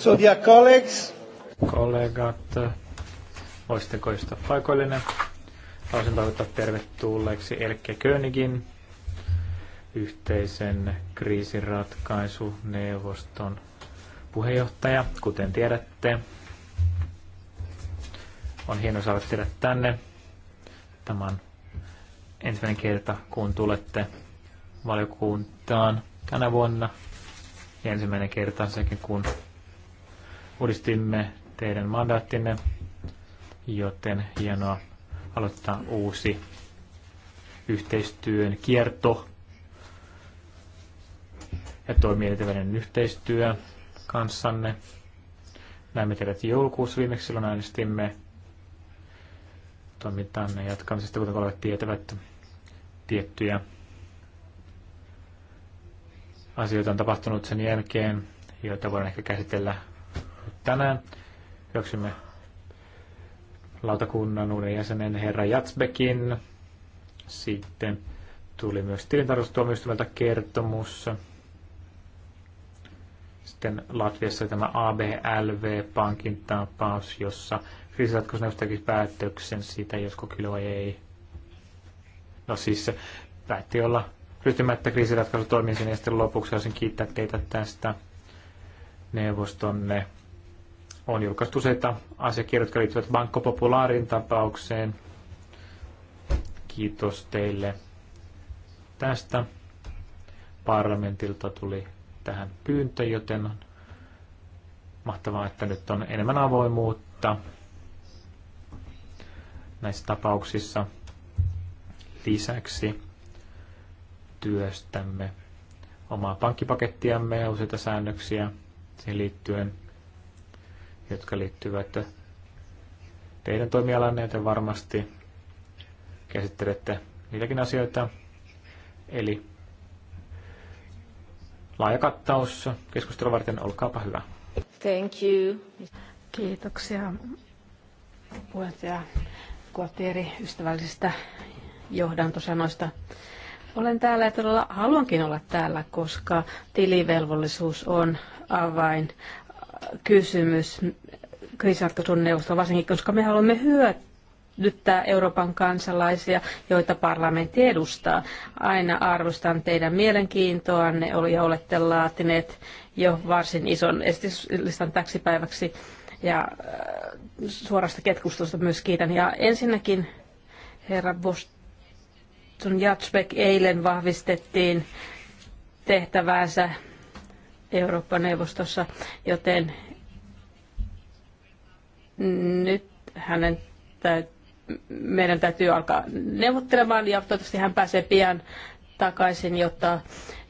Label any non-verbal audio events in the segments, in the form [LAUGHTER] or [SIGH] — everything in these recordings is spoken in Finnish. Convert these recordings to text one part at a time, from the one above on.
So dear colleagues. Kollegat, voisitteko istua paikoillinen? Haluaisin toivottaa tervetulleeksi Elke Königin yhteisen kriisiratkaisuneuvoston puheenjohtaja, kuten tiedätte. On hieno saada teidät tänne. Tämä on ensimmäinen kerta, kun tulette valiokuntaan tänä vuonna. Ja ensimmäinen kerta sekin, kun uudistimme teidän mandaattinne, joten hienoa aloittaa uusi yhteistyön kierto ja toimielinten yhteistyö kanssanne. Näemme teidät joulukuussa viimeksi, silloin äänestimme toimintanne jatkamisesta, kuten kollegat tietävät tiettyjä asioita on tapahtunut sen jälkeen, joita voidaan ehkä käsitellä tänään. Hyväksymme lautakunnan uuden jäsenen herra Jatsbekin. Sitten tuli myös tilintarkastustuomioistuimelta kertomus. Sitten Latviassa tämä ABLV-pankin tapaus, jossa kriisiratkaisneuvosto teki päätöksen siitä, josko kilo ei. No siis se päätti olla ryhtymättä kriisiratkaisutoimiin sen ja sitten lopuksi haluaisin kiittää teitä tästä neuvostonne on julkaistu useita asiakirjoja, jotka liittyvät Banco Popularin tapaukseen. Kiitos teille tästä. Parlamentilta tuli tähän pyyntö, joten on mahtavaa, että nyt on enemmän avoimuutta näissä tapauksissa. Lisäksi työstämme omaa pankkipakettiamme ja useita säännöksiä siihen liittyen – jotka liittyvät teidän toimialanne, joten varmasti käsittelette niitäkin asioita. Eli laaja kattaus keskustelua varten, olkaapa hyvä. Thank you. Kiitoksia puheenjohtaja Kuotieri ystävällisistä johdantosanoista. Olen täällä ja todella haluankin olla täällä, koska tilivelvollisuus on avain kysymys neuvosto varsinkin, koska me haluamme hyödyttää Euroopan kansalaisia, joita parlamentti edustaa. Aina arvostan teidän mielenkiintoanne ja olette laatineet jo varsin ison esityslistan täksi päiväksi ja äh, suorasta ketkustusta myös kiitän. Ja ensinnäkin herra Boston Jatsbek eilen vahvistettiin tehtäväänsä Eurooppa-neuvostossa, joten nyt hänen täyt- meidän täytyy alkaa neuvottelemaan ja toivottavasti hän pääsee pian takaisin, jotta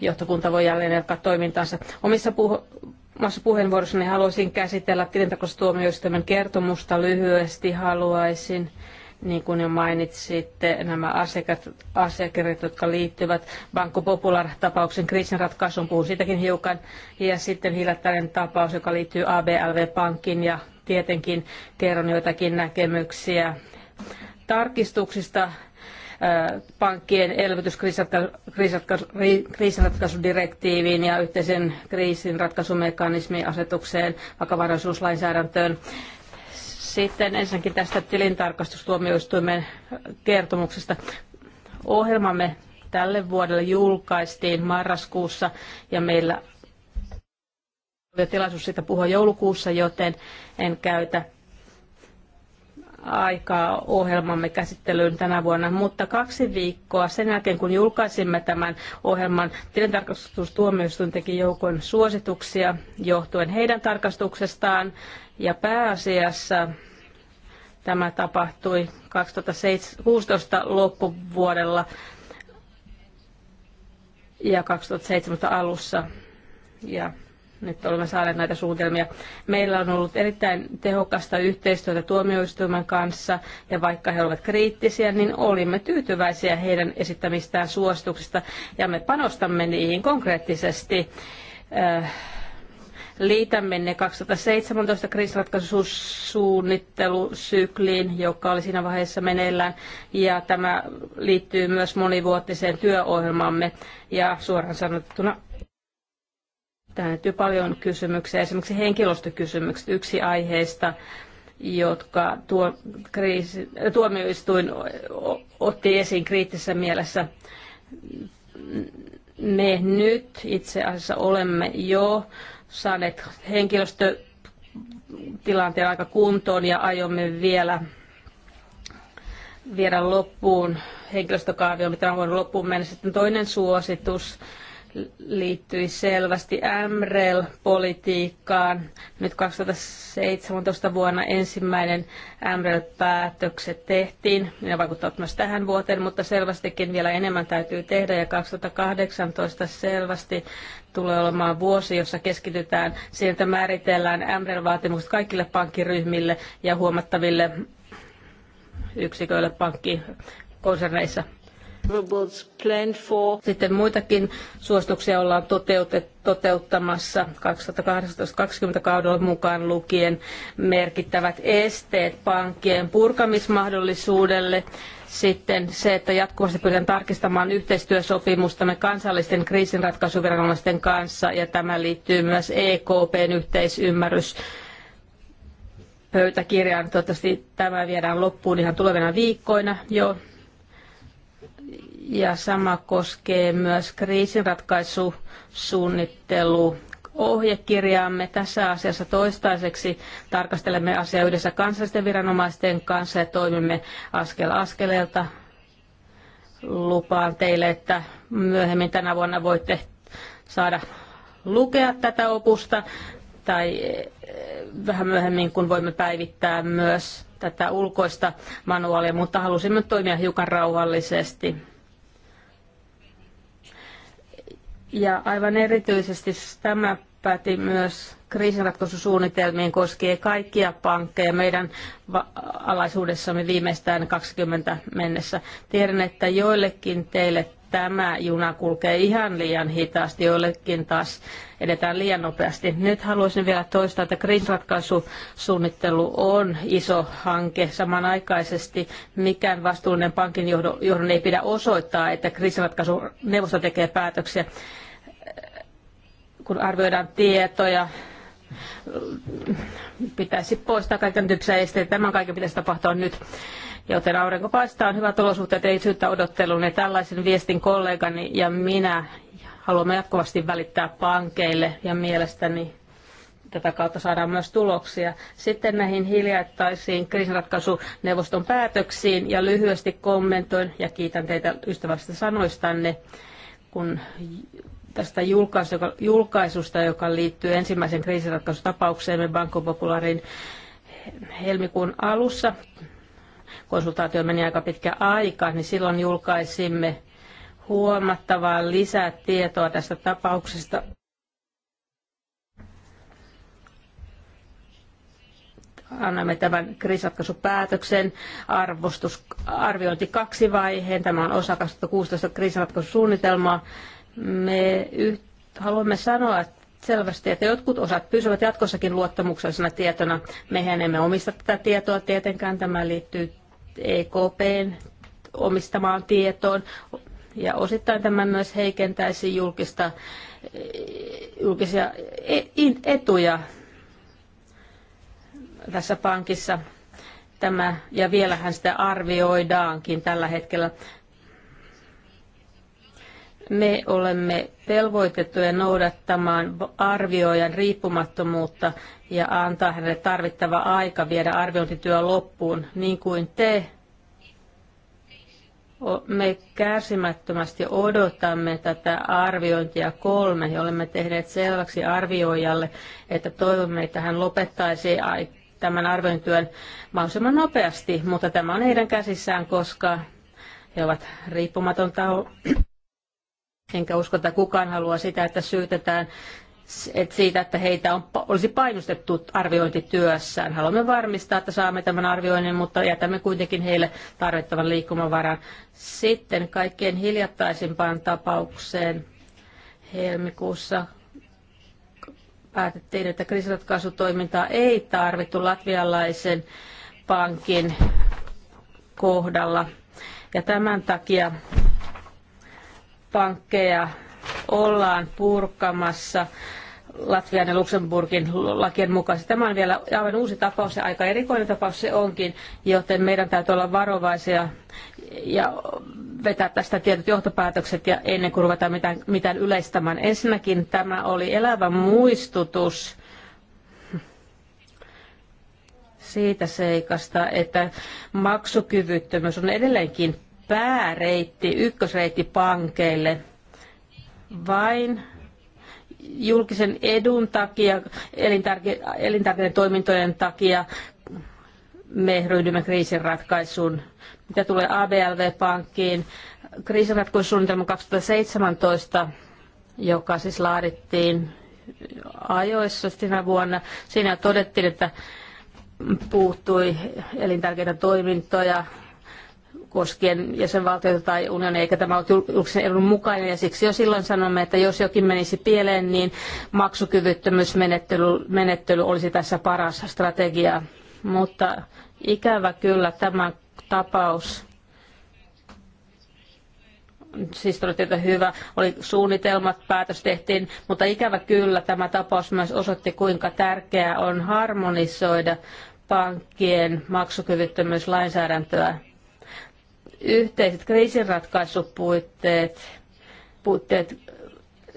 johtokunta voi jälleen jatkaa toimintaansa. Omissa puh- omassa puheenvuorossani haluaisin käsitellä tilintarkastustuomioistuimen kertomusta lyhyesti. Haluaisin niin kuin jo mainitsitte, nämä asiakirjat, asiakirjat jotka liittyvät Banco Popular-tapauksen kriisinratkaisuun, puhun siitäkin hiukan. Ja sitten hiljattainen tapaus, joka liittyy ABLV-pankkiin ja tietenkin kerron joitakin näkemyksiä tarkistuksista äh, pankkien elvytyskriisinratkaisudirektiiviin ja yhteisen kriisinratkaisumekanismiasetukseen, vakavaraisuuslainsäädäntöön. Sitten ensinnäkin tästä tilintarkastustuomioistuimen kertomuksesta. Ohjelmamme tälle vuodelle julkaistiin marraskuussa ja meillä oli tilaisuus siitä puhua joulukuussa, joten en käytä aikaa ohjelmamme käsittelyyn tänä vuonna, mutta kaksi viikkoa sen jälkeen, kun julkaisimme tämän ohjelman, tilintarkastustuomioistuin teki joukon suosituksia johtuen heidän tarkastuksestaan ja pääasiassa Tämä tapahtui 2016 loppuvuodella ja 2017 alussa. Ja nyt olemme saaneet näitä suunnitelmia. Meillä on ollut erittäin tehokasta yhteistyötä tuomioistuimen kanssa, ja vaikka he olivat kriittisiä, niin olimme tyytyväisiä heidän esittämistään suosituksista, ja me panostamme niihin konkreettisesti. Äh, liitämme ne 2017 kriisiratkaisusuunnittelusykliin, joka oli siinä vaiheessa meneillään, ja tämä liittyy myös monivuotiseen työohjelmaamme, ja suoraan sanottuna tähän liittyy paljon kysymyksiä, esimerkiksi henkilöstökysymykset, yksi aiheista, jotka tuo kriisi, tuomioistuin otti esiin kriittisessä mielessä. Me nyt itse asiassa olemme jo saaneet henkilöstötilanteen aika kuntoon ja aiomme vielä viedä loppuun henkilöstökaavio, mitä on voinut loppuun mennä. Sitten toinen suositus liittyi selvästi MREL-politiikkaan. Nyt 2017 vuonna ensimmäinen MREL-päätökset tehtiin. Ne vaikuttavat myös tähän vuoteen, mutta selvästikin vielä enemmän täytyy tehdä. Ja 2018 selvästi tulee olemaan vuosi, jossa keskitytään siihen, että määritellään MREL-vaatimukset kaikille pankkiryhmille ja huomattaville yksiköille pankkikonserneissa. Sitten muitakin suosituksia ollaan toteuttamassa 2018-2020 kaudella mukaan lukien merkittävät esteet pankkien purkamismahdollisuudelle. Sitten se, että jatkuvasti pyritään tarkistamaan yhteistyösopimustamme kansallisten kriisinratkaisuviranomaisten kanssa, ja tämä liittyy myös EKPn yhteisymmärrys pöytäkirjaan. Toivottavasti tämä viedään loppuun ihan tulevina viikkoina jo. Ja sama koskee myös kriisinratkaisusuunnittelu ohjekirjaamme tässä asiassa toistaiseksi. Tarkastelemme asiaa yhdessä kansallisten viranomaisten kanssa ja toimimme askel askeleelta. Lupaan teille, että myöhemmin tänä vuonna voitte saada lukea tätä opusta tai eh, vähän myöhemmin, kun voimme päivittää myös tätä ulkoista manuaalia, mutta halusimme toimia hiukan rauhallisesti Ja aivan erityisesti tämä päti myös kriisinratkaisusuunnitelmiin koskee kaikkia pankkeja meidän alaisuudessamme viimeistään 20 mennessä. Tiedän, että joillekin teille tämä juna kulkee ihan liian hitaasti, joillekin taas edetään liian nopeasti. Nyt haluaisin vielä toistaa, että kriisinratkaisusuunnittelu on iso hanke. Samanaikaisesti mikään vastuullinen pankin johdon ei pidä osoittaa, että kriisinratkaisuneuvosto tekee päätöksiä kun arvioidaan tietoja, pitäisi poistaa kaiken tyyppisiä esteitä. Tämän kaiken pitäisi tapahtua nyt. Joten aurinko paistaa, on hyvät olosuhteet, ei syyttä odotteluun. Ja tällaisen viestin kollegani ja minä haluamme jatkuvasti välittää pankeille ja mielestäni tätä kautta saadaan myös tuloksia. Sitten näihin hiljattaisiin kriisinratkaisuneuvoston päätöksiin ja lyhyesti kommentoin ja kiitän teitä ystävällisistä sanoistanne, kun tästä julkaisusta, joka liittyy ensimmäisen me Banco Popularin helmikuun alussa. Konsultaatio meni aika pitkä aika, niin silloin julkaisimme huomattavaa lisää tietoa tästä tapauksesta. annamme tämän kriisiratkaisupäätöksen arvostus, arviointi kaksi vaiheen. Tämä on osa 2016 kriisiratkaisusuunnitelmaa me yht, haluamme sanoa selvästi, että jotkut osat pysyvät jatkossakin luottamuksellisena tietona. Mehän emme omista tätä tietoa tietenkään. Tämä liittyy EKPn omistamaan tietoon. Ja osittain tämä myös heikentäisi julkista, julkisia e- etuja tässä pankissa. Tämä, ja vielähän sitä arvioidaankin tällä hetkellä. Me olemme velvoitettuja noudattamaan arvioijan riippumattomuutta ja antaa hänelle tarvittava aika viedä arviointityö loppuun, niin kuin te. Me kärsimättömästi odotamme tätä arviointia kolme ja olemme tehneet selväksi arvioijalle, että toivomme, että hän lopettaisi tämän arviointityön mahdollisimman nopeasti, mutta tämä on heidän käsissään, koska he ovat riippumaton taho Enkä usko, että kukaan haluaa sitä, että syytetään että siitä, että heitä on, olisi painostettu arviointityössään. Haluamme varmistaa, että saamme tämän arvioinnin, mutta jätämme kuitenkin heille tarvittavan liikkumavaran. Sitten kaikkein hiljattaisimpaan tapaukseen helmikuussa päätettiin, että kriisiratkaisutoimintaa ei tarvittu latvialaisen pankin kohdalla. Ja tämän takia pankkeja ollaan purkamassa. Latvian ja Luxemburgin lakien mukaisesti. Tämä on vielä aivan uusi tapaus ja aika erikoinen tapaus se onkin, joten meidän täytyy olla varovaisia ja vetää tästä tietyt johtopäätökset ja ennen kuin ruvetaan mitään, mitään yleistämään. Ensinnäkin tämä oli elävä muistutus siitä seikasta, että maksukyvyttömyys on edelleenkin pääreitti, ykkösreitti pankeille. Vain julkisen edun takia, elintärke, elintärkeiden toimintojen takia me ryhdymme kriisinratkaisuun. Mitä tulee ABLV-pankkiin, kriisinratkaisusuunnitelma 2017, joka siis laadittiin ajoissa sinä vuonna, siinä todettiin, että puuttui elintärkeitä toimintoja, koskien jäsenvaltioita tai unionia, eikä tämä ole julkisen edun mukainen. Ja siksi jo silloin sanomme, että jos jokin menisi pieleen, niin maksukyvyttömyysmenettely menettely olisi tässä paras strategia. Mutta ikävä kyllä tämä tapaus siis todettiin, että hyvä, oli suunnitelmat, päätös tehtiin, mutta ikävä kyllä tämä tapaus myös osoitti, kuinka tärkeää on harmonisoida pankkien maksukyvyttömyyslainsäädäntöä. Yhteiset kriisinratkaisupuitteet puitteet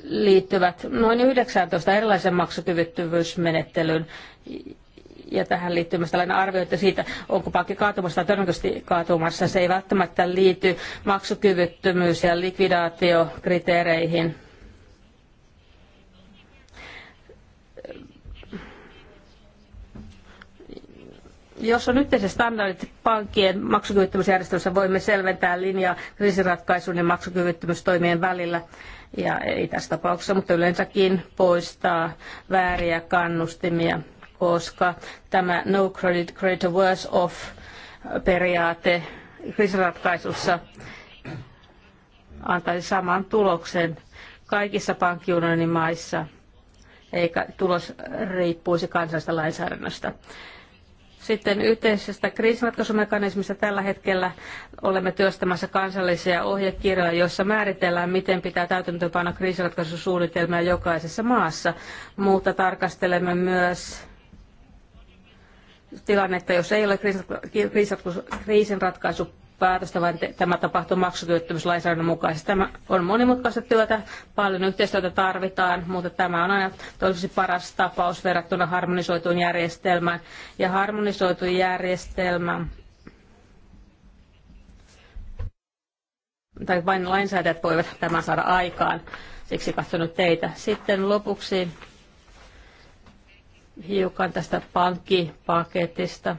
liittyvät noin 19 erilaisen maksukyvyttyvyysmenettelyyn, ja tähän liittyy myös tällainen arvio, että siitä, onko pankki kaatumassa tai todennäköisesti kaatumassa, se ei välttämättä liity maksukyvyttömyys- ja likvidaatiokriteereihin. Jos on yhteiset standardit pankkien maksukyvyttömyysjärjestelmässä, voimme selventää linjaa kriisiratkaisun ja maksukyvyttömyystoimien välillä. Ja ei tässä tapauksessa, mutta yleensäkin poistaa vääriä kannustimia, koska tämä no credit, greater worse off periaate kriisiratkaisussa antaisi saman tuloksen kaikissa pankkiunionin maissa, eikä tulos riippuisi kansallisesta lainsäädännöstä. Sitten yhteisestä kriisinratkaisumekanismista tällä hetkellä olemme työstämässä kansallisia ohjekirjoja, joissa määritellään, miten pitää täytäntöönpano kriisinratkaisusuunnitelmia jokaisessa maassa, mutta tarkastelemme myös tilannetta, jos ei ole kriisinratkaisu, kriisinratkaisu päätöstä, vaan tämä tapahtuu maksutyöttömyyslainsäädännön mukaisesti. Tämä on monimutkaista työtä, paljon yhteistyötä tarvitaan, mutta tämä on aina toiseksi paras tapaus verrattuna harmonisoituun järjestelmään. Ja harmonisoitu järjestelmä tai vain lainsäätäjät voivat tämän saada aikaan. Siksi katsonut teitä. Sitten lopuksi hiukan tästä pankkipaketista.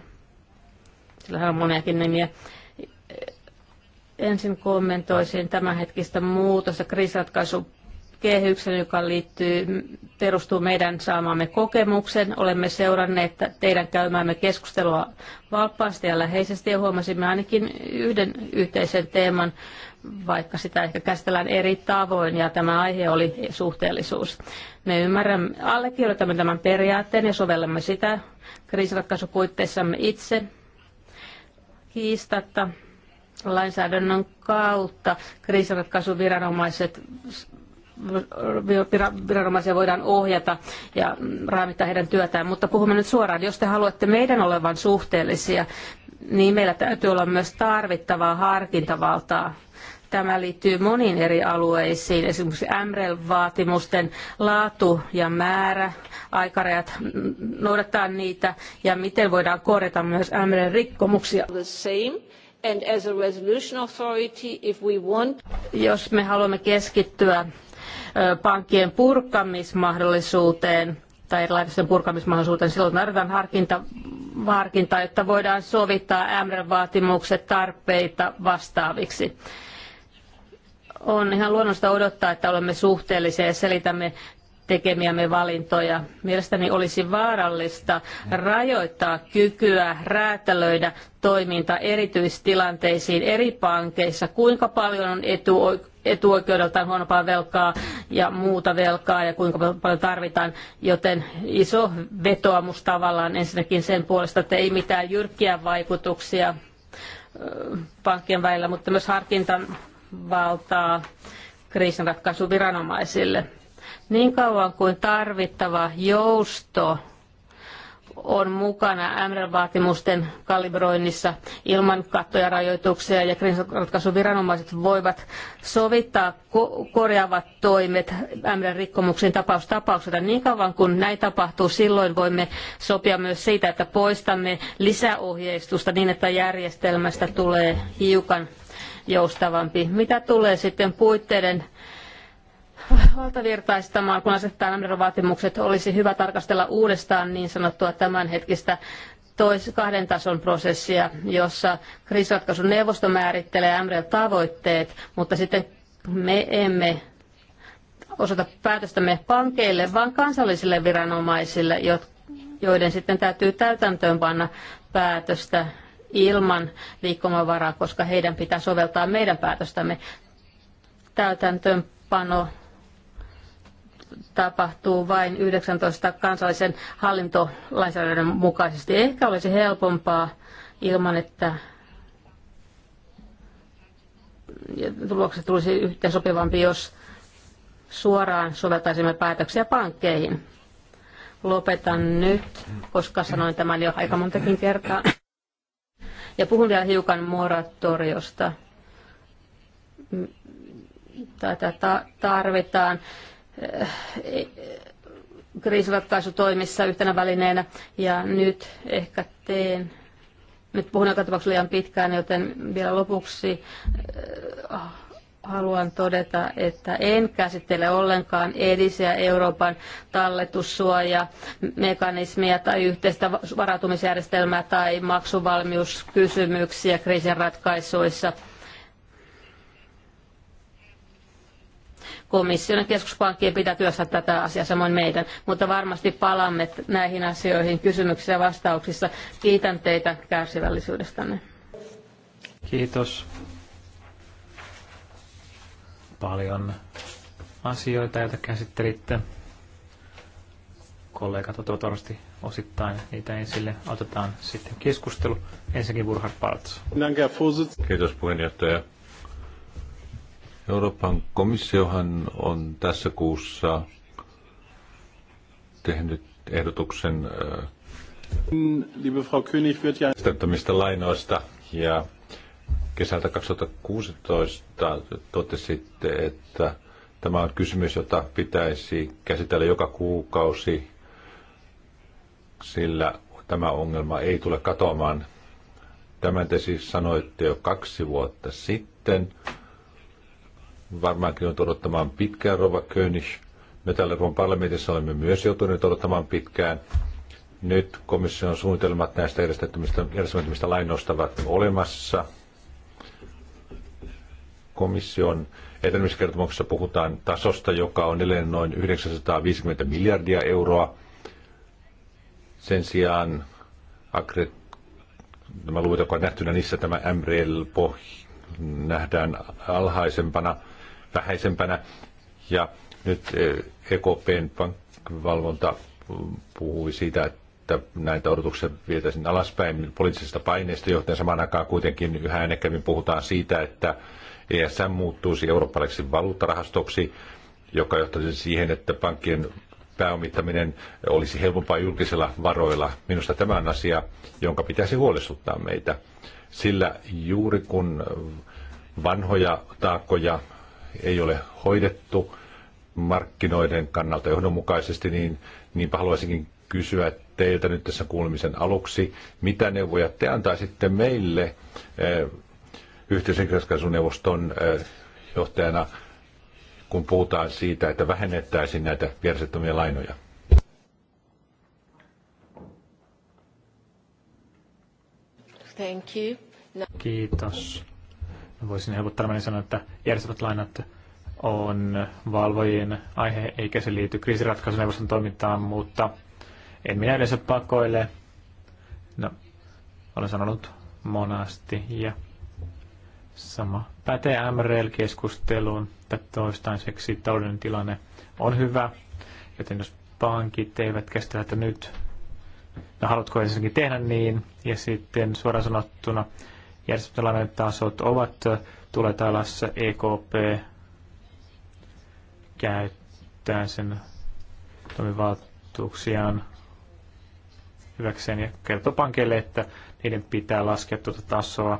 Sillähän on moniakin nimiä. Ensin kommentoisin tämänhetkistä muutosta kriisiratkaisu kehyksen, joka liittyy, perustuu meidän saamaamme kokemuksen. Olemme seuranneet teidän käymäämme keskustelua vapaasti ja läheisesti ja huomasimme ainakin yhden yhteisen teeman, vaikka sitä ehkä käsitellään eri tavoin ja tämä aihe oli suhteellisuus. Me ymmärrämme, allekirjoitamme tämän periaatteen ja sovellamme sitä kriisiratkaisupuitteissamme itse kiistatta lainsäädännön kautta kriisiratkaisuviranomaiset viranomaisia voidaan ohjata ja raamittaa heidän työtään. Mutta puhumme nyt suoraan, jos te haluatte meidän olevan suhteellisia, niin meillä täytyy olla myös tarvittavaa harkintavaltaa. Tämä liittyy moniin eri alueisiin, esimerkiksi MREL-vaatimusten laatu ja määrä, aikarajat, noudattaa niitä ja miten voidaan korjata myös MREL-rikkomuksia and as a resolution authority if we want. Jos me haluamme keskittyä pankkien purkamismahdollisuuteen tai erilaisten purkamismahdollisuuteen, silloin tarvitaan harkinta, harkintaa, jotta voidaan sovittaa MR-vaatimukset tarpeita vastaaviksi. On ihan luonnollista odottaa, että olemme suhteellisia ja selitämme tekemiämme valintoja. Mielestäni olisi vaarallista rajoittaa kykyä räätälöidä toiminta erityistilanteisiin eri pankeissa, kuinka paljon on etuoikeutta etuoikeudeltaan huonompaa velkaa ja muuta velkaa ja kuinka paljon tarvitaan, joten iso vetoomus tavallaan ensinnäkin sen puolesta, että ei mitään jyrkkiä vaikutuksia pankkien välillä, mutta myös harkintavaltaa kriisinratkaisuviranomaisille. viranomaisille niin kauan kuin tarvittava jousto on mukana MREL-vaatimusten kalibroinnissa ilman kattoja rajoituksia ja kriisinratkaisuviranomaiset voivat sovittaa ko- korjaavat toimet MREL-rikkomuksen tapaustapaukselta. Niin kauan kuin näin tapahtuu, silloin voimme sopia myös siitä, että poistamme lisäohjeistusta niin, että järjestelmästä tulee hiukan joustavampi. Mitä tulee sitten puitteiden valtavirtaistamaan, kun asettaa nämä vaatimukset, olisi hyvä tarkastella uudestaan niin sanottua tämänhetkistä tois, kahden tason prosessia, jossa kriisiratkaisun neuvosto määrittelee MREL-tavoitteet, mutta sitten me emme osoita päätöstämme pankeille, vaan kansallisille viranomaisille, joiden sitten täytyy täytäntöönpanna päätöstä ilman liikkumavaraa, koska heidän pitää soveltaa meidän päätöstämme. Täytäntöönpano tapahtuu vain 19 kansallisen hallintolainsäädännön mukaisesti. Ehkä olisi helpompaa ilman, että tulokset tulisi yhteen sopivampi, jos suoraan soveltaisimme päätöksiä pankkeihin. Lopetan nyt, koska sanoin tämän jo aika montakin kertaa. Ja puhun vielä hiukan moratoriosta. Tätä tarvitaan kriisiratkaisutoimissa yhtenä välineenä. Ja nyt ehkä teen, nyt puhun joka tapauksessa liian pitkään, joten vielä lopuksi äh, haluan todeta, että en käsittele ollenkaan edisiä Euroopan talletussuojamekanismia tai yhteistä varautumisjärjestelmää tai maksuvalmiuskysymyksiä kriisin ratkaisuissa komission ja keskuspankkien pitää työstää tätä asiaa samoin meidän, mutta varmasti palaamme näihin asioihin kysymyksissä ja vastauksissa. Kiitän teitä kärsivällisyydestänne. Kiitos. Paljon asioita, joita käsittelitte. Kollegat ottavat varmasti osittain niitä esille. Otetaan sitten keskustelu. Ensinnäkin Burhard Paltz. Kiitos puheenjohtaja. Euroopan komissiohan on tässä kuussa tehnyt ehdotuksen Liebe ja... lainoista ja kesältä 2016 totesitte, että tämä on kysymys, jota pitäisi käsitellä joka kuukausi, sillä tämä ongelma ei tule katoamaan. Tämän te siis sanoitte jo kaksi vuotta sitten varmaankin on odottamaan pitkään, Rova König. Me täällä Euroopan parlamentissa olemme myös joutuneet odottamaan pitkään. Nyt komission suunnitelmat näistä järjestelmättömistä lainoista ovat olemassa. Komission etenemiskertomuksessa puhutaan tasosta, joka on edelleen noin 950 miljardia euroa. Sen sijaan Akre, nämä luvut, jotka on nähtynä niissä, tämä MREL-pohja nähdään alhaisempana – vähäisempänä. Ja nyt EKPn eh, e pankkivalvonta puhui siitä, että näitä odotuksia vietäisiin alaspäin poliittisesta paineesta johtuen samaan aikaan kuitenkin yhä äänekämmin puhutaan siitä, että ESM muuttuisi eurooppalaiseksi valuuttarahastoksi, joka johtaisi siihen, että pankkien pääomittaminen olisi helpompaa julkisilla varoilla. Minusta tämä on asia, jonka pitäisi huolestuttaa meitä. Sillä juuri kun vanhoja taakkoja ei ole hoidettu markkinoiden kannalta johdonmukaisesti, niin niin haluaisinkin kysyä teiltä nyt tässä kuulemisen aluksi, mitä neuvoja te antaisitte meille eh, yhteisen neuvoston eh, johtajana, kun puhutaan siitä, että vähennettäisiin näitä vierasettomia lainoja? Thank you. No. Kiitos voisin helpottaa niin sanoa, että järjestävät lainat on valvojien aihe, eikä se liity kriisiratkaisuneuvoston toimintaan, mutta en minä yleensä pakoile. No, olen sanonut monasti ja sama pätee MRL-keskusteluun, että toistaiseksi talouden tilanne on hyvä, joten jos pankit eivät kestä, että nyt, no haluatko ensinnäkin tehdä niin, ja sitten suoraan sanottuna järjestelmän tasot ovat tulleet alas. EKP käyttää sen toimivaltuuksiaan hyväkseen ja kertoo pankeille, että niiden pitää laskea tuota tasoa.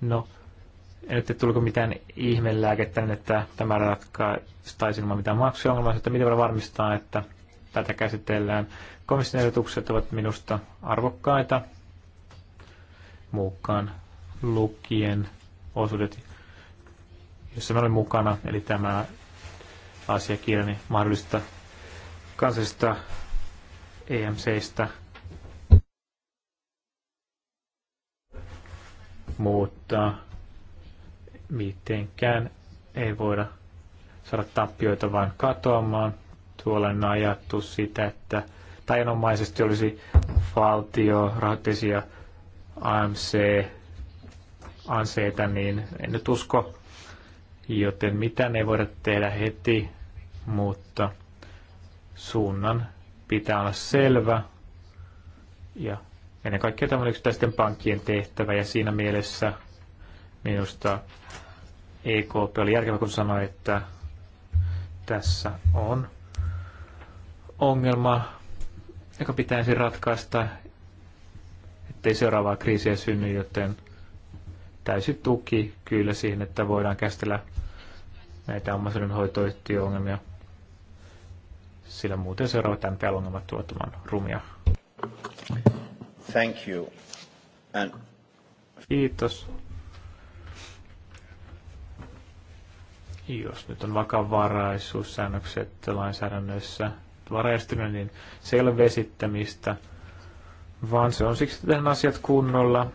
No, en nyt tuliko mitään ihmelääkettä, niin että tämä ratkaistaisi ilman mitään maksuongelmaa, että miten voidaan varmistaa, että tätä käsitellään. Komission ehdotukset ovat minusta arvokkaita mukaan lukien osuudet, jossa me olin mukana, eli tämä asiakirja niin mahdollisista kansallisista EMCistä. Mutta mitenkään ei voida saada tappioita vaan katoamaan. on ajattu sitä, että tajanomaisesti olisi valtio rahoitteisia AMC, ANCtä, niin en nyt usko, joten mitä ne voida tehdä heti, mutta suunnan pitää olla selvä ja ennen kaikkea tämä on yksittäisten pankkien tehtävä ja siinä mielessä minusta EKP oli järkevä, kun sanoi, että tässä on ongelma, joka pitäisi ratkaista ettei seuraavaa kriisiä synny, joten täysi tuki kyllä siihen, että voidaan käsitellä näitä omaisuuden hoitoyhtiöongelmia, sillä muuten seuraavat MPL-ongelmat tuottamaan rumia. Thank you. And... Kiitos. Jos nyt on vakavaraisuussäännökset lainsäädännössä varajastuneen, niin se ei ole vesittämistä, vaan se on siksi tämän asiat kunnolla.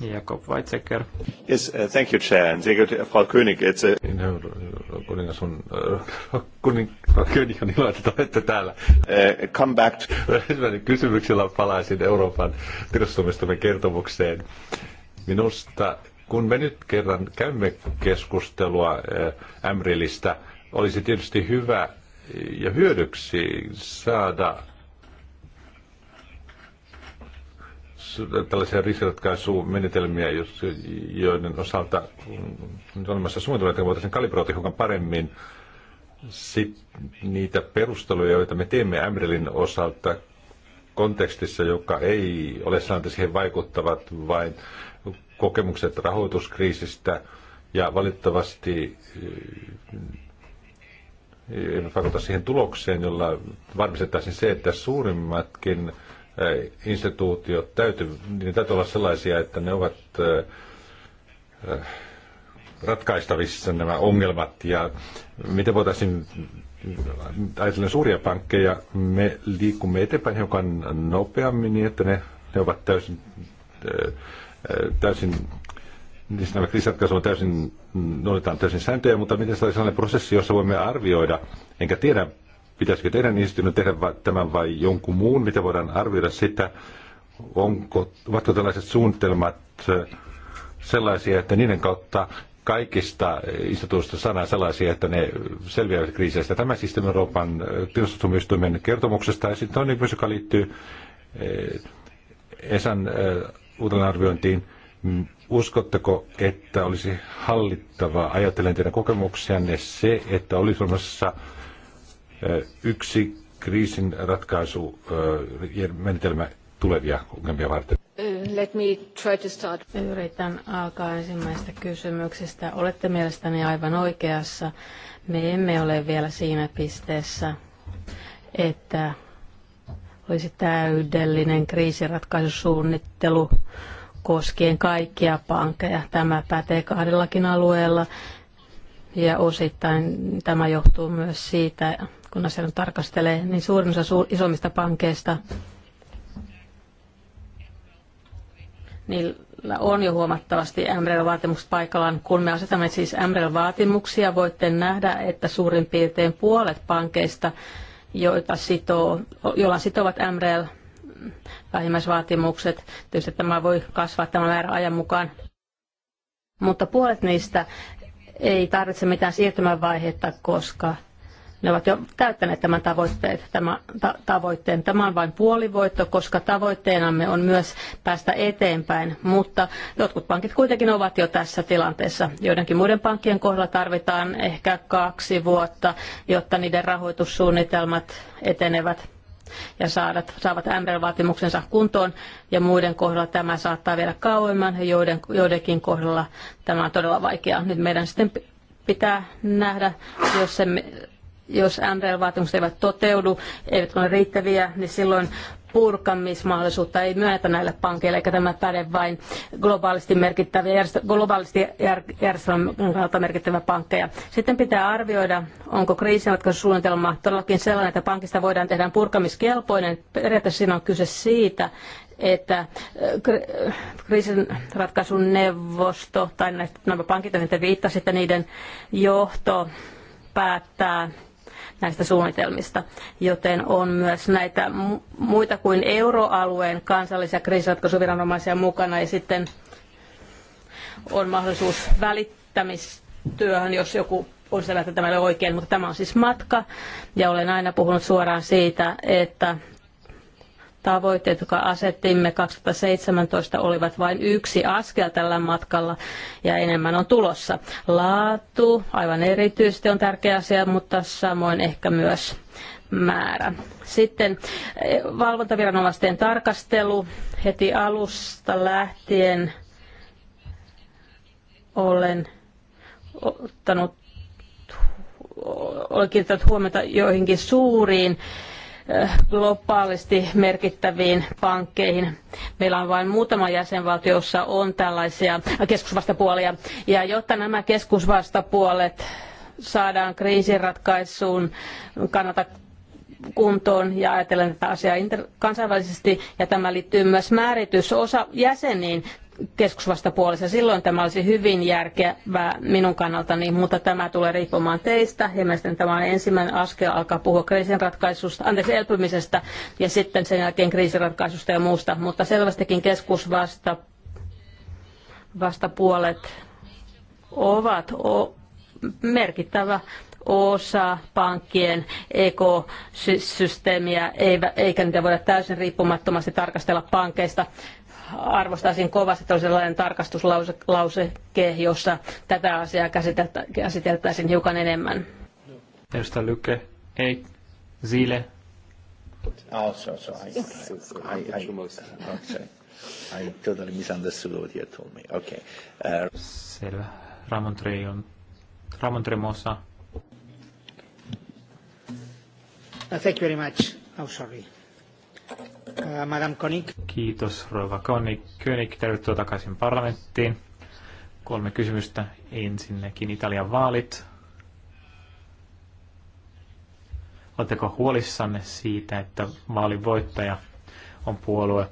Jakob Weizsäcker. Yes, uh, thank you, Chair, and thank you uh, Frau König. It's a... Niin, no, kuningas on, äh, kuning, König on iloinen, että olette täällä. Uh, come back to... Kysymyksellä palaisin Euroopan tiedostumistamme kertomukseen. Minusta, kun me nyt kerran käymme keskustelua äh, Ämrilistä, olisi tietysti hyvä, ja hyödyksi saada tällaisia riskiratkaisumenetelmiä, joiden osalta on olemassa suunnitelma, että voitaisiin kalibroida hiukan paremmin sit niitä perusteluja, joita me teemme Amrelin osalta kontekstissa, joka ei ole saanut siihen vaikuttavat vain kokemukset rahoituskriisistä ja valitettavasti vaikuta siihen tulokseen, jolla varmistettaisiin se, että suurimmatkin eh, instituutiot täytyy, niin täytyy olla sellaisia, että ne ovat eh, eh, ratkaistavissa nämä ongelmat ja miten voitaisiin ajatellen suuria pankkeja, me liikumme eteenpäin hiukan nopeammin niin, että ne, ne ovat täysin, täysin niissä nämä kriisiratkaisut ovat täysin noudatetaan täysin sääntöjä, mutta miten se oli sellainen prosessi, jossa voimme arvioida, enkä tiedä, pitäisikö teidän instituutin tehdä tämän vai jonkun muun, miten voidaan arvioida sitä, onko, ovatko tällaiset suunnitelmat sellaisia, että niiden kautta kaikista instituutioista sanaa sellaisia, että ne selviävät kriiseistä. Tämä siis Euroopan tilastotumistuimen kertomuksesta. Ja sitten toinen kysymys, joka liittyy ESAn arviointiin, Uskotteko, että olisi hallittavaa, ajatellen teidän kokemuksianne, se, että olisi olemassa yksi kriisin ratkaisu menetelmä tulevia ongelmia varten? Let me try to start. Yritän alkaa ensimmäistä kysymyksestä. Olette mielestäni aivan oikeassa. Me emme ole vielä siinä pisteessä, että olisi täydellinen kriisiratkaisusuunnittelu koskien kaikkia pankkeja. Tämä pätee kahdellakin alueella ja osittain tämä johtuu myös siitä, kun asian tarkastelee, niin suurin osa isommista pankeista niillä on jo huomattavasti MREL-vaatimukset paikallaan. Kun me asetamme siis MREL-vaatimuksia, voitte nähdä, että suurin piirtein puolet pankeista, joita sitoo, joilla sitovat MREL, vähimmäisvaatimukset. Tietysti tämä voi kasvaa tämän määrän ajan mukaan. Mutta puolet niistä ei tarvitse mitään siirtymävaihetta, koska ne ovat jo täyttäneet tämän tavoitteet, tämä, ta, tavoitteen. Tämä on vain puolivoitto, koska tavoitteenamme on myös päästä eteenpäin, mutta jotkut pankit kuitenkin ovat jo tässä tilanteessa. Joidenkin muiden pankkien kohdalla tarvitaan ehkä kaksi vuotta, jotta niiden rahoitussuunnitelmat etenevät ja saavat, saavat MRL-vaatimuksensa kuntoon ja muiden kohdalla tämä saattaa vielä kauemman ja joiden, joidenkin kohdalla tämä on todella vaikeaa. Nyt meidän sitten pitää nähdä, jos, se, jos MRL-vaatimukset eivät toteudu, eivät ole riittäviä, niin silloin purkamismahdollisuutta ei myönnetä näille pankeille, eikä tämä päde vain globaalisti, merkittäviä, globaalisti järjestelmän kannalta merkittäviä pankkeja. Sitten pitää arvioida, onko kriisinratkaisusuunnitelma todellakin sellainen, että pankista voidaan tehdä purkamiskelpoinen. Periaatteessa siinä on kyse siitä, että äh, äh, kriisinratkaisun neuvosto tai nämä pankit, joihin te viittasitte, niiden johto päättää näistä suunnitelmista, joten on myös näitä muita kuin euroalueen kansallisia kriisiratkaisuviranomaisia mukana ja sitten on mahdollisuus välittämistyöhön, jos joku on selvä, että tämä ei ole oikein, mutta tämä on siis matka ja olen aina puhunut suoraan siitä, että tavoitteet, jotka asettimme 2017, olivat vain yksi askel tällä matkalla ja enemmän on tulossa. Laatu aivan erityisesti on tärkeä asia, mutta samoin ehkä myös määrä. Sitten eh, valvontaviranomaisten tarkastelu heti alusta lähtien olen ottanut olen kiinnittänyt huomiota joihinkin suuriin Eh, globaalisti merkittäviin pankkeihin. Meillä on vain muutama jäsenvaltio, jossa on tällaisia keskusvastapuolia. Ja jotta nämä keskusvastapuolet saadaan kriisinratkaisuun, kannata kuntoon ja ajatellen tätä asiaa kansainvälisesti, ja tämä liittyy myös määritys osa jäseniin keskusvastapuolissa. Silloin tämä olisi hyvin järkevää minun kannaltani, mutta tämä tulee riippumaan teistä. Ja mielestäni tämä on ensimmäinen askel alkaa puhua kriisinratkaisusta, anteeksi elpymisestä ja sitten sen jälkeen kriisinratkaisusta ja muusta. Mutta selvästikin keskusvastapuolet ovat o- merkittävä osa pankkien ekosysteemiä, eikä niitä voida täysin riippumattomasti tarkastella pankeista arvostaisin kovasti tällainen tarkastuslauseke, jossa tätä asiaa käsiteltäisiin hiukan enemmän. Edustaja Lykke, ei, Zile. Oh, so, I, I, I, I, I totally misunderstood what you told me. Okay. Uh, Selvä. Ramon Treon. Ramon Tremosa. Uh, thank you very much. Oh, sorry. Madame Konik. Kiitos, rouva Konik. König, tervetuloa takaisin parlamenttiin. Kolme kysymystä. Ensinnäkin Italian vaalit. Oletteko huolissanne siitä, että vaalivoittaja on puolue,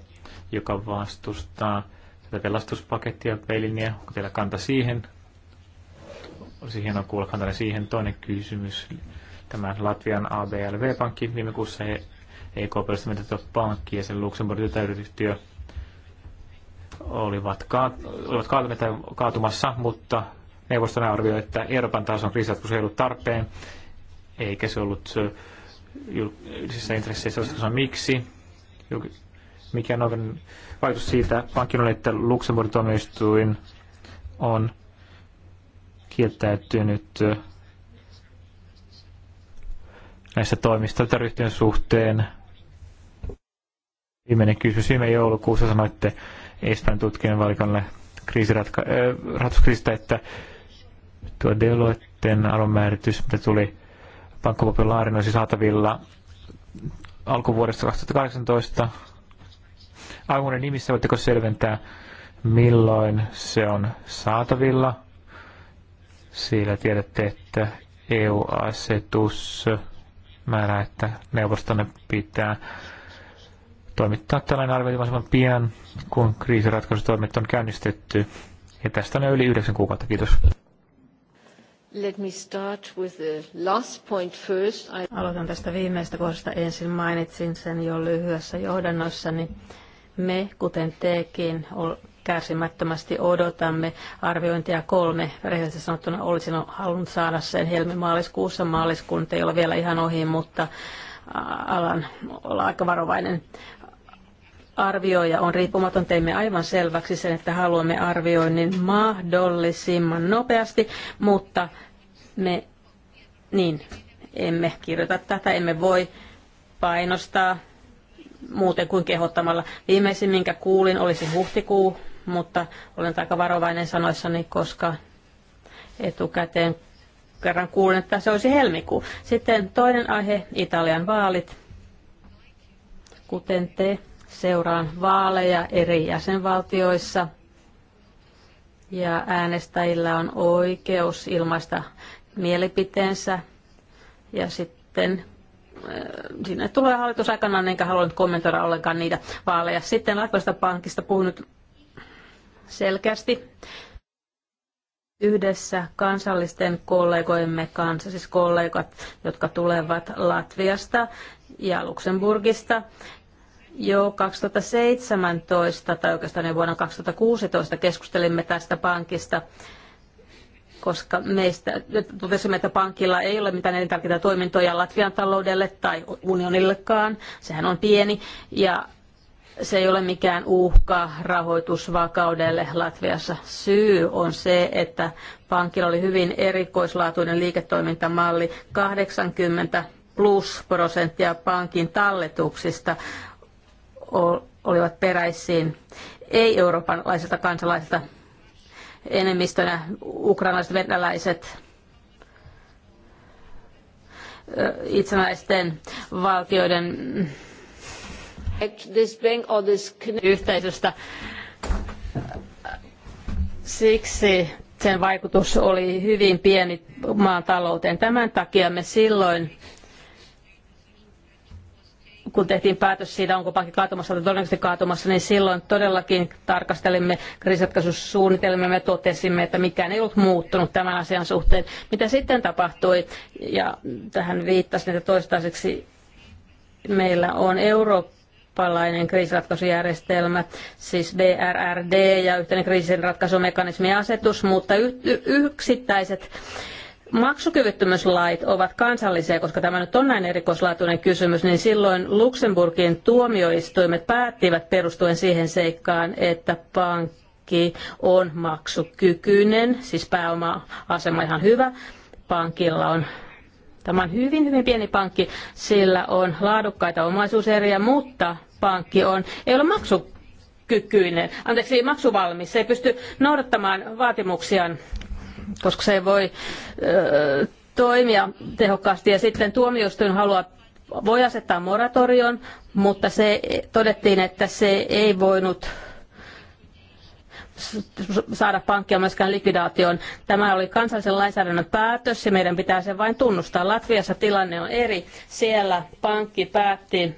joka vastustaa tätä pelastuspakettia peliniä? Onko teillä kanta siihen? Olisi hienoa kuulla kantanne siihen. Toinen kysymys. Tämä Latvian ABLV-pankki viime kuussa he EKPstä menetetty pankki ja sen Luxemburgin tytäryhtiö olivat, ka- olivat kaatumassa, mutta neuvostona arvioi, että Euroopan tason kriisiratkaisu ei ollut tarpeen, eikä se ollut julkisissa intresseissä, koska miksi. Mikä on vaikutus siitä pankin oli, että Luxemburgin tuomioistuin on kieltäytynyt näistä toimista ryhtiön suhteen Viimeinen kysymys. Viime joulukuussa sanoitte Espanjan tutkijan valikolle äh, että tuo Deloitten arvonmääritys, mitä tuli pankkopopulaarin, olisi saatavilla alkuvuodesta 2018. Aikuinen nimissä voitteko selventää, milloin se on saatavilla? Sillä tiedätte, että EU-asetus määrää, että neuvostonne pitää toimittaa tällainen arvio mahdollisimman pian, kun kriisiratkaisutoimet on käynnistetty. Ja tästä on yli yhdeksän kuukautta. Kiitos. Let me start with the last point first. I... Aloitan tästä viimeistä kohdasta. Ensin mainitsin sen jo lyhyessä johdannossani. Me, kuten tekin, kärsimättömästi odotamme arviointia kolme. Rehellisesti sanottuna olisin halunnut saada sen helmimaaliskuussa. Maaliskuun ei ole vielä ihan ohi, mutta alan olla aika varovainen arvioija on riippumaton, teimme aivan selväksi sen, että haluamme arvioinnin mahdollisimman nopeasti, mutta me niin, emme kirjoita tätä, emme voi painostaa muuten kuin kehottamalla. Viimeisin, minkä kuulin, oli se huhtikuu, mutta olen aika varovainen sanoissani, koska etukäteen kerran kuulin, että se olisi helmikuu. Sitten toinen aihe, Italian vaalit. Kuten te Seuraan vaaleja eri jäsenvaltioissa ja äänestäjillä on oikeus ilmaista mielipiteensä ja sitten äh, sinne tulee hallitus aikanaan, enkä halua nyt kommentoida ollenkaan niitä vaaleja. Sitten Latvoista pankista puhunut selkeästi yhdessä kansallisten kollegoimme kanssa, siis kollegat, jotka tulevat Latviasta ja Luxemburgista, jo 2017 tai oikeastaan jo vuonna 2016 keskustelimme tästä pankista, koska meistä totesimme, että pankilla ei ole mitään elintärkeitä toimintoja Latvian taloudelle tai unionillekaan. Sehän on pieni ja se ei ole mikään uhka rahoitusvakaudelle Latviassa. Syy on se, että pankilla oli hyvin erikoislaatuinen liiketoimintamalli. 80 plus prosenttia pankin talletuksista olivat peräisin ei eurooppalaisilta kansalaisilta enemmistönä ukrainalaiset, venäläiset, itsenäisten valtioiden this bank or this... yhteisöstä. Siksi sen vaikutus oli hyvin pieni maan talouteen. Tämän takia me silloin kun tehtiin päätös siitä, onko pankki kaatumassa tai todennäköisesti kaatumassa, niin silloin todellakin tarkastelimme kriisiratkaisusuunnitelmia ja totesimme, että mikään ei ollut muuttunut tämän asian suhteen. Mitä sitten tapahtui, ja tähän viittasin, että toistaiseksi meillä on eurooppalainen kriisiratkaisujärjestelmä, siis BRRD ja yhteinen kriisinratkaisumekanismi ja asetus, mutta yksittäiset maksukyvyttömyyslait ovat kansallisia, koska tämä nyt on näin erikoislaatuinen kysymys, niin silloin Luxemburgin tuomioistuimet päättivät perustuen siihen seikkaan, että pankki on maksukykyinen, siis pääoma-asema ihan hyvä. Pankilla on Tämä on hyvin, hyvin pieni pankki, sillä on laadukkaita omaisuuseriä, mutta pankki on, ei ole maksukykyinen, anteeksi, maksuvalmis, se ei pysty noudattamaan vaatimuksiaan koska se ei voi ö, toimia tehokkaasti. Ja sitten tuomioistuin haluaa voi asettaa moratorion, mutta se todettiin, että se ei voinut saada pankkia myöskään likvidaatioon. Tämä oli kansallisen lainsäädännön päätös ja meidän pitää se vain tunnustaa. Latviassa tilanne on eri. Siellä pankki päätti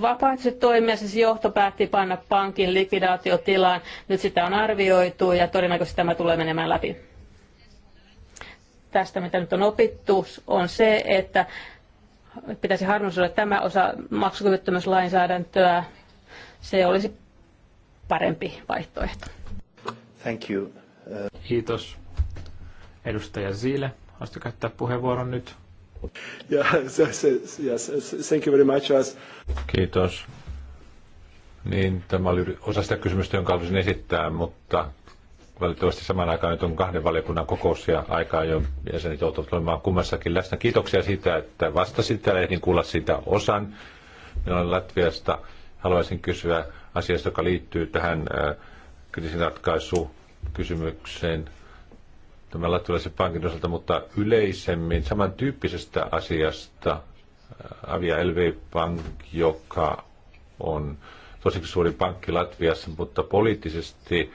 vapaaehtoiset toimia, siis johto päätti panna pankin likvidaatiotilaan. Nyt sitä on arvioitu ja todennäköisesti tämä tulee menemään läpi. Tästä, mitä nyt on opittu, on se, että pitäisi harmonisoida tämä osa maksukyvyttömyyslainsäädäntöä. Se olisi parempi vaihtoehto. Thank you. Uh... Kiitos. Edustaja Zile, haluaisitko käyttää puheenvuoron nyt? Kiitos. Niin, tämä oli osa sitä kysymystä, jonka halusin esittää, mutta valitettavasti samaan aikaan nyt on kahden valiokunnan kokous ja aikaa jo jäsenet joutuvat olemaan kummassakin läsnä. Kiitoksia siitä, että vastasit täällä ehdin kuulla siitä osan. Minä olen Latviasta. Haluaisin kysyä asiasta, joka liittyy tähän äh, kriisinratkaisukysymykseen tämän latvialaisen pankin osalta, mutta yleisemmin samantyyppisestä asiasta äh, Avia LV Bank, joka on tosi suuri pankki Latviassa, mutta poliittisesti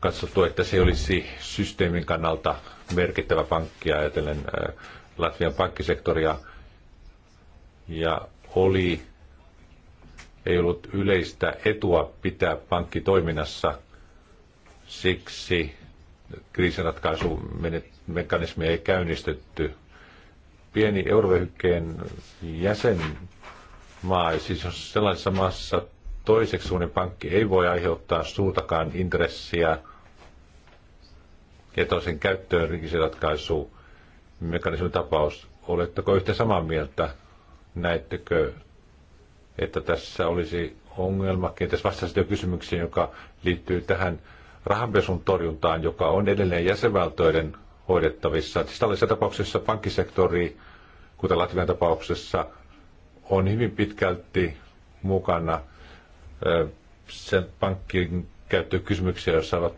katsottu, että se olisi systeemin kannalta merkittävä pankki ajatellen äh, Latvian pankkisektoria. Ja oli, ei ollut yleistä etua pitää pankki toiminnassa, siksi kriisinratkaisumekanismia ei käynnistetty. Pieni eurovyöhykkeen jäsenmaa, siis jos sellaisessa maassa toiseksi suurin pankki ei voi aiheuttaa suutakaan intressiä ja toisen käyttöön kriisinratkaisu mekanismin tapaus. Oletteko yhtä samaa mieltä? Näettekö, että tässä olisi ongelma? Kenties vastasitte jo kysymykseen, joka liittyy tähän rahanpesun torjuntaan, joka on edelleen jäsenvaltioiden hoidettavissa. Siis tällaisessa tapauksissa pankkisektori, kuten Latvian tapauksessa, on hyvin pitkälti mukana sen pankkiin käyttökysymyksiä kysymyksiä, joissa ovat,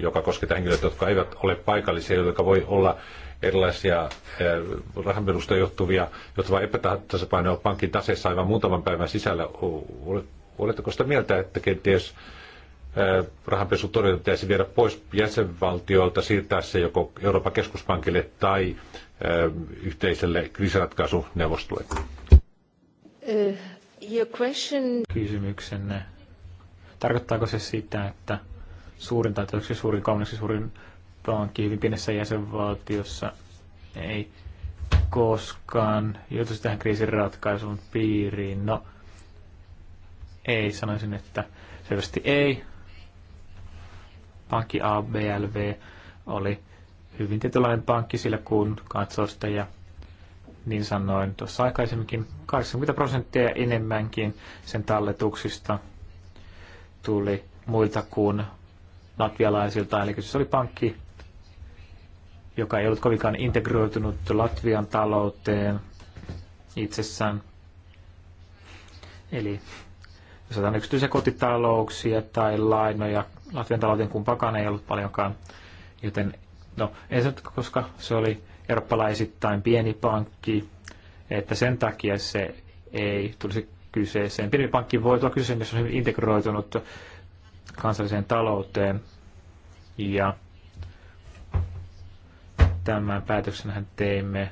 joka koskee henkilöitä, jotka eivät ole paikallisia, jotka voi olla erilaisia rahanpesusta johtuvia, johtuvaa epätasapainoa pankin taseessa aivan muutaman päivän sisällä. Oletteko sitä mieltä, että kenties rahanpesutorjunta pitäisi viedä pois jäsenvaltiolta, siirtää se joko Euroopan keskuspankille tai yhteiselle kriisiratkaisuneuvostolle. Kysymyksenne. Tarkoittaako se sitä, että suurin tai toiseksi suurin, kolmanneksi suurin pankki hyvin pienessä jäsenvaltiossa ei koskaan joutuisi tähän kriisin ratkaisuun piiriin? No, ei, sanoisin, että selvästi ei, pankki ABLV oli hyvin tietynlainen pankki, sillä kun katsoo sitä ja niin sanoin tuossa aikaisemminkin, 80 prosenttia enemmänkin sen talletuksista tuli muilta kuin latvialaisilta. Eli se oli pankki, joka ei ollut kovinkaan integroitunut Latvian talouteen itsessään. Eli jos otetaan yksityisiä kotitalouksia tai lainoja Latvian talouteen kumpakaan ei ollut paljonkaan. Joten, no, ei se koska se oli eurooppalaisittain pieni pankki, että sen takia se ei tulisi kyseeseen. Pieni pankki voi tulla kyseeseen, jos on hyvin integroitunut kansalliseen talouteen. Ja tämän päätöksenhän teimme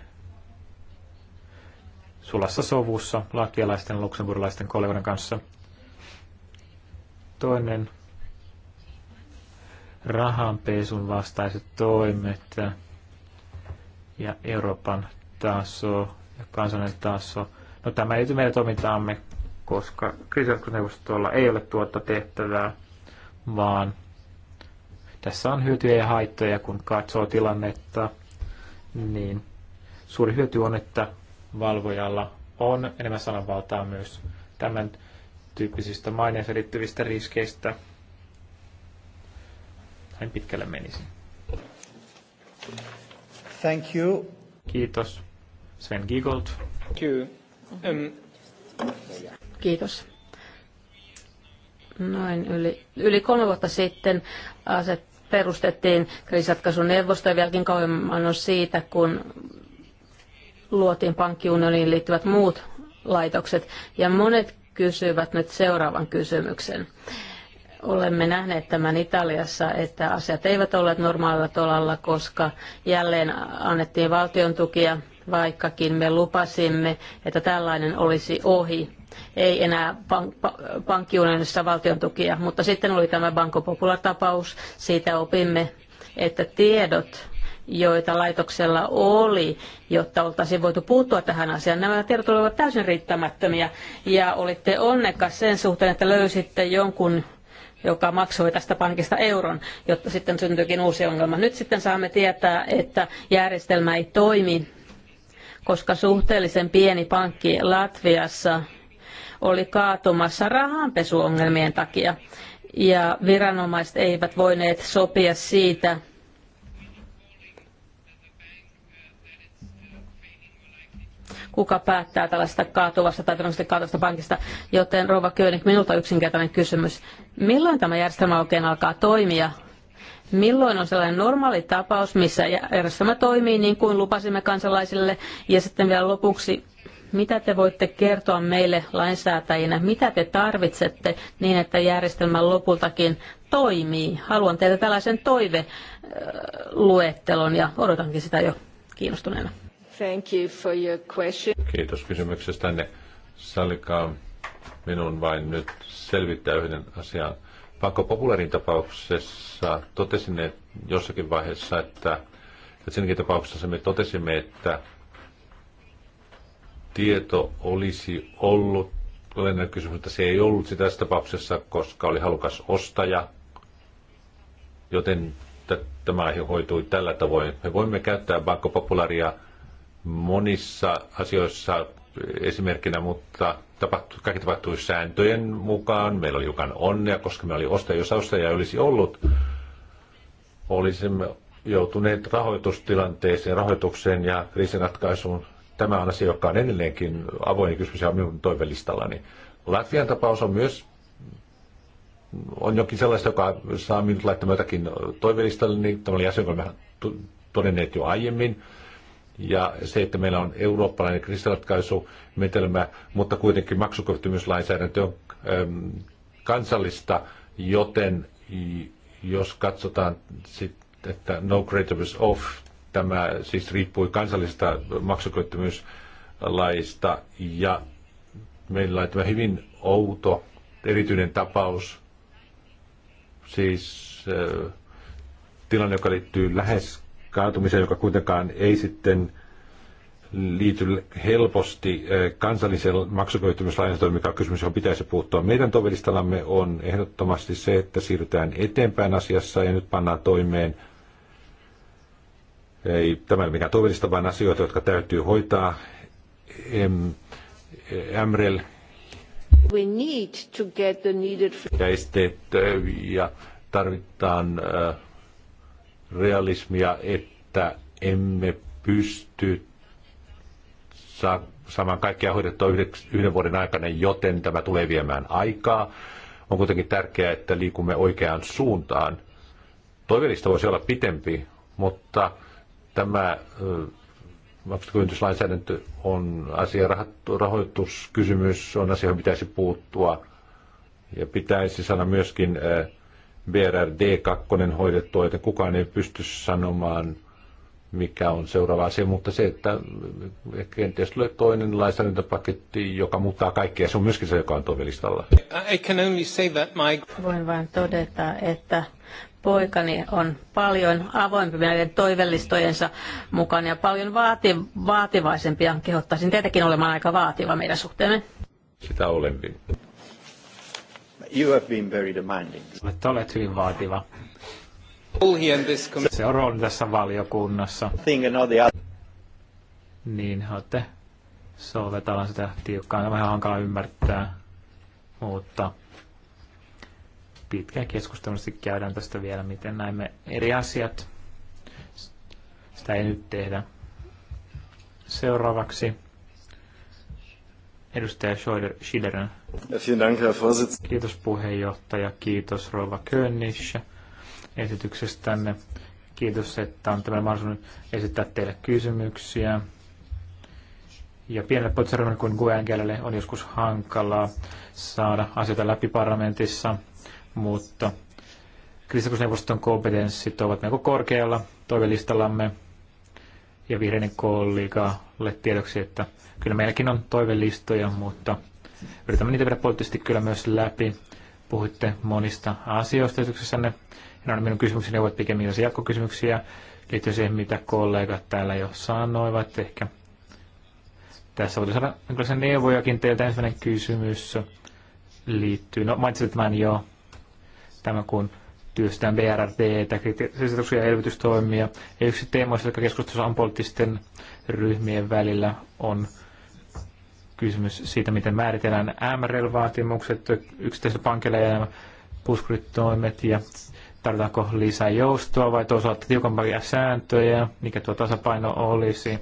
sulassa sovussa lakialaisten ja luksemburilaisten kollegoiden kanssa. Toinen rahanpesun vastaiset toimet ja Euroopan taso ja kansallinen taso. No tämä ei meidän toimintaamme, koska kriisiratkaisuneuvostolla ei ole tuota tehtävää, vaan tässä on hyötyjä ja haittoja, kun katsoo tilannetta, niin suuri hyöty on, että valvojalla on enemmän sananvaltaa myös tämän tyyppisistä maineeseen liittyvistä riskeistä – näin pitkälle menisi. Thank you. Kiitos. Sven Giegold. Um. Kiitos. Noin yli, yli kolme vuotta sitten aset perustettiin kriisiratkaisuneuvosto ja vieläkin kauemman on siitä, kun luotiin pankkiunioniin liittyvät muut laitokset. Ja monet kysyvät nyt seuraavan kysymyksen. Olemme nähneet tämän Italiassa, että asiat eivät olleet normaalilla tolalla, koska jälleen annettiin valtion tukia, vaikkakin me lupasimme, että tällainen olisi ohi. Ei enää pank- pankkiunionissa valtion tukia, mutta sitten oli tämä Banco Popular-tapaus. Siitä opimme, että tiedot, joita laitoksella oli, jotta oltaisiin voitu puuttua tähän asiaan. Nämä tiedot olivat täysin riittämättömiä ja olitte onnekas sen suhteen, että löysitte jonkun joka maksoi tästä pankista euron, jotta sitten syntyykin uusi ongelma. Nyt sitten saamme tietää, että järjestelmä ei toimi, koska suhteellisen pieni pankki Latviassa oli kaatumassa rahanpesuongelmien takia ja viranomaiset eivät voineet sopia siitä, kuka päättää tällaista kaatuvasta tai tämmöistä kaatuvasta pankista. Joten Rova König, minulta yksinkertainen kysymys. Milloin tämä järjestelmä oikein alkaa toimia? Milloin on sellainen normaali tapaus, missä järjestelmä toimii niin kuin lupasimme kansalaisille? Ja sitten vielä lopuksi, mitä te voitte kertoa meille lainsäätäjinä? Mitä te tarvitsette niin, että järjestelmä lopultakin toimii? Haluan teiltä tällaisen toiveluettelon äh, ja odotankin sitä jo kiinnostuneena. Thank you for your question. Kiitos kysymyksestänne. Sallikaa minun vain nyt selvittää yhden asian. Pakko populaarin tapauksessa totesin että jossakin vaiheessa, että, että siinäkin tapauksessa me totesimme, että tieto olisi ollut olennainen kysymys, että se ei ollut sitä tässä tapauksessa, koska oli halukas ostaja, joten tämä aihe hoitui tällä tavoin. Me voimme käyttää Banco populaaria monissa asioissa esimerkkinä, mutta tapahtu, kaikki tapahtui sääntöjen mukaan. Meillä oli jukan onnea, koska me oli ostaja. Jos ostaja olisi ollut, olisimme joutuneet rahoitustilanteeseen, rahoitukseen ja kriisinratkaisuun. Tämä on asia, joka on edelleenkin avoin kysymys ja minun toivelistallani. Latvian tapaus on myös on jokin sellaista, joka saa minut laittamaan jotakin toivelistalle, niin tämä oli asia, jonka me todenneet jo aiemmin ja se, että meillä on eurooppalainen kriisiratkaisumetelmä, mutta kuitenkin maksukyvyttömyyslainsäädäntö on ähm, kansallista, joten jos katsotaan sit, että no greater was off, tämä siis riippui kansallisesta maksukyvyttömyyslaista ja meillä on tämä hyvin outo erityinen tapaus, siis äh, tilanne, joka liittyy lähes kaatumiseen, joka kuitenkaan ei sitten liity helposti eh, kansallisen maksukyvyttömyyslainsäädäntöön, mikä on kysymys, johon pitäisi puuttua. Meidän tovilistallamme on ehdottomasti se, että siirrytään eteenpäin asiassa ja nyt pannaan toimeen ei tämä ole mikään tovellista, vaan asioita, jotka täytyy hoitaa. Emrel. We need to get the needed... ja esteet eh, ja tarvitaan äh, realismia, että emme pysty saa, saamaan kaikkia hoidettua yhden vuoden aikana, joten tämä tulee viemään aikaa. On kuitenkin tärkeää, että liikumme oikeaan suuntaan. Toiveellista voisi olla pitempi, mutta tämä maksukyvytyslainsäädäntö on asia, rahoituskysymys on asia, johon pitäisi puuttua. Ja pitäisi sanoa myöskin BRD2 hoidettua, joten kukaan ei pysty sanomaan, mikä on seuraava asia, mutta se, että kenties tulee toinen lainsäädäntöpaketti, joka muuttaa kaikkea, se on myöskin se, joka on tovelistalla. I can only say that my... Voin vain todeta, että poikani on paljon avoimpi näiden toivellistojensa mukaan ja paljon vaati, vaativaisempia. Kehottaisin tietenkin olemaan aika vaativa meidän suhteemme. Sitä olempi. You have been very demanding. Olette olet hyvin vaativa. Se on rooli tässä valiokunnassa. Niin, olette sovetaan sitä tiukkaan. On vähän hankala ymmärtää, mutta pitkään keskustelusti käydään tästä vielä, miten näemme eri asiat. Sitä ei nyt tehdä. Seuraavaksi Edustaja Schöder, Schilderen. Kiitos puheenjohtaja, kiitos Rova Könnisch esityksestänne. Kiitos, että on tämä mahdollisuus esittää teille kysymyksiä. Ja pienelle potsaryhmälle kuin Guengelelle on joskus hankalaa saada asioita läpi parlamentissa, mutta kristillisneuvoston kompetenssit ovat melko korkealla toivelistallamme ja vihreinen kollegalle tiedoksi, että kyllä meilläkin on toivelistoja, mutta yritämme niitä viedä poliittisesti kyllä myös läpi. Puhuitte monista asioista esityksessänne. Nämä no, minun kysymykseni ovat pikemminkin jatkokysymyksiä liittyen siihen, mitä kollegat täällä jo sanoivat. Ehkä tässä voitaisiin saada jonkinlaisia neuvojakin teiltä. Ensimmäinen kysymys liittyy, no mainitsit tämän jo, tämä kun työstään BRDtä, kritisoituksia ja elvytystoimia. Ja yksi teemoista, jotka keskustelussa on poliittisten ryhmien välillä, on kysymys siitä, miten määritellään MRL-vaatimukset yksittäisille pankille ja puskuritoimet ja tarvitaanko lisää joustoa vai toisaalta tiukempia sääntöjä, mikä tuo tasapaino olisi.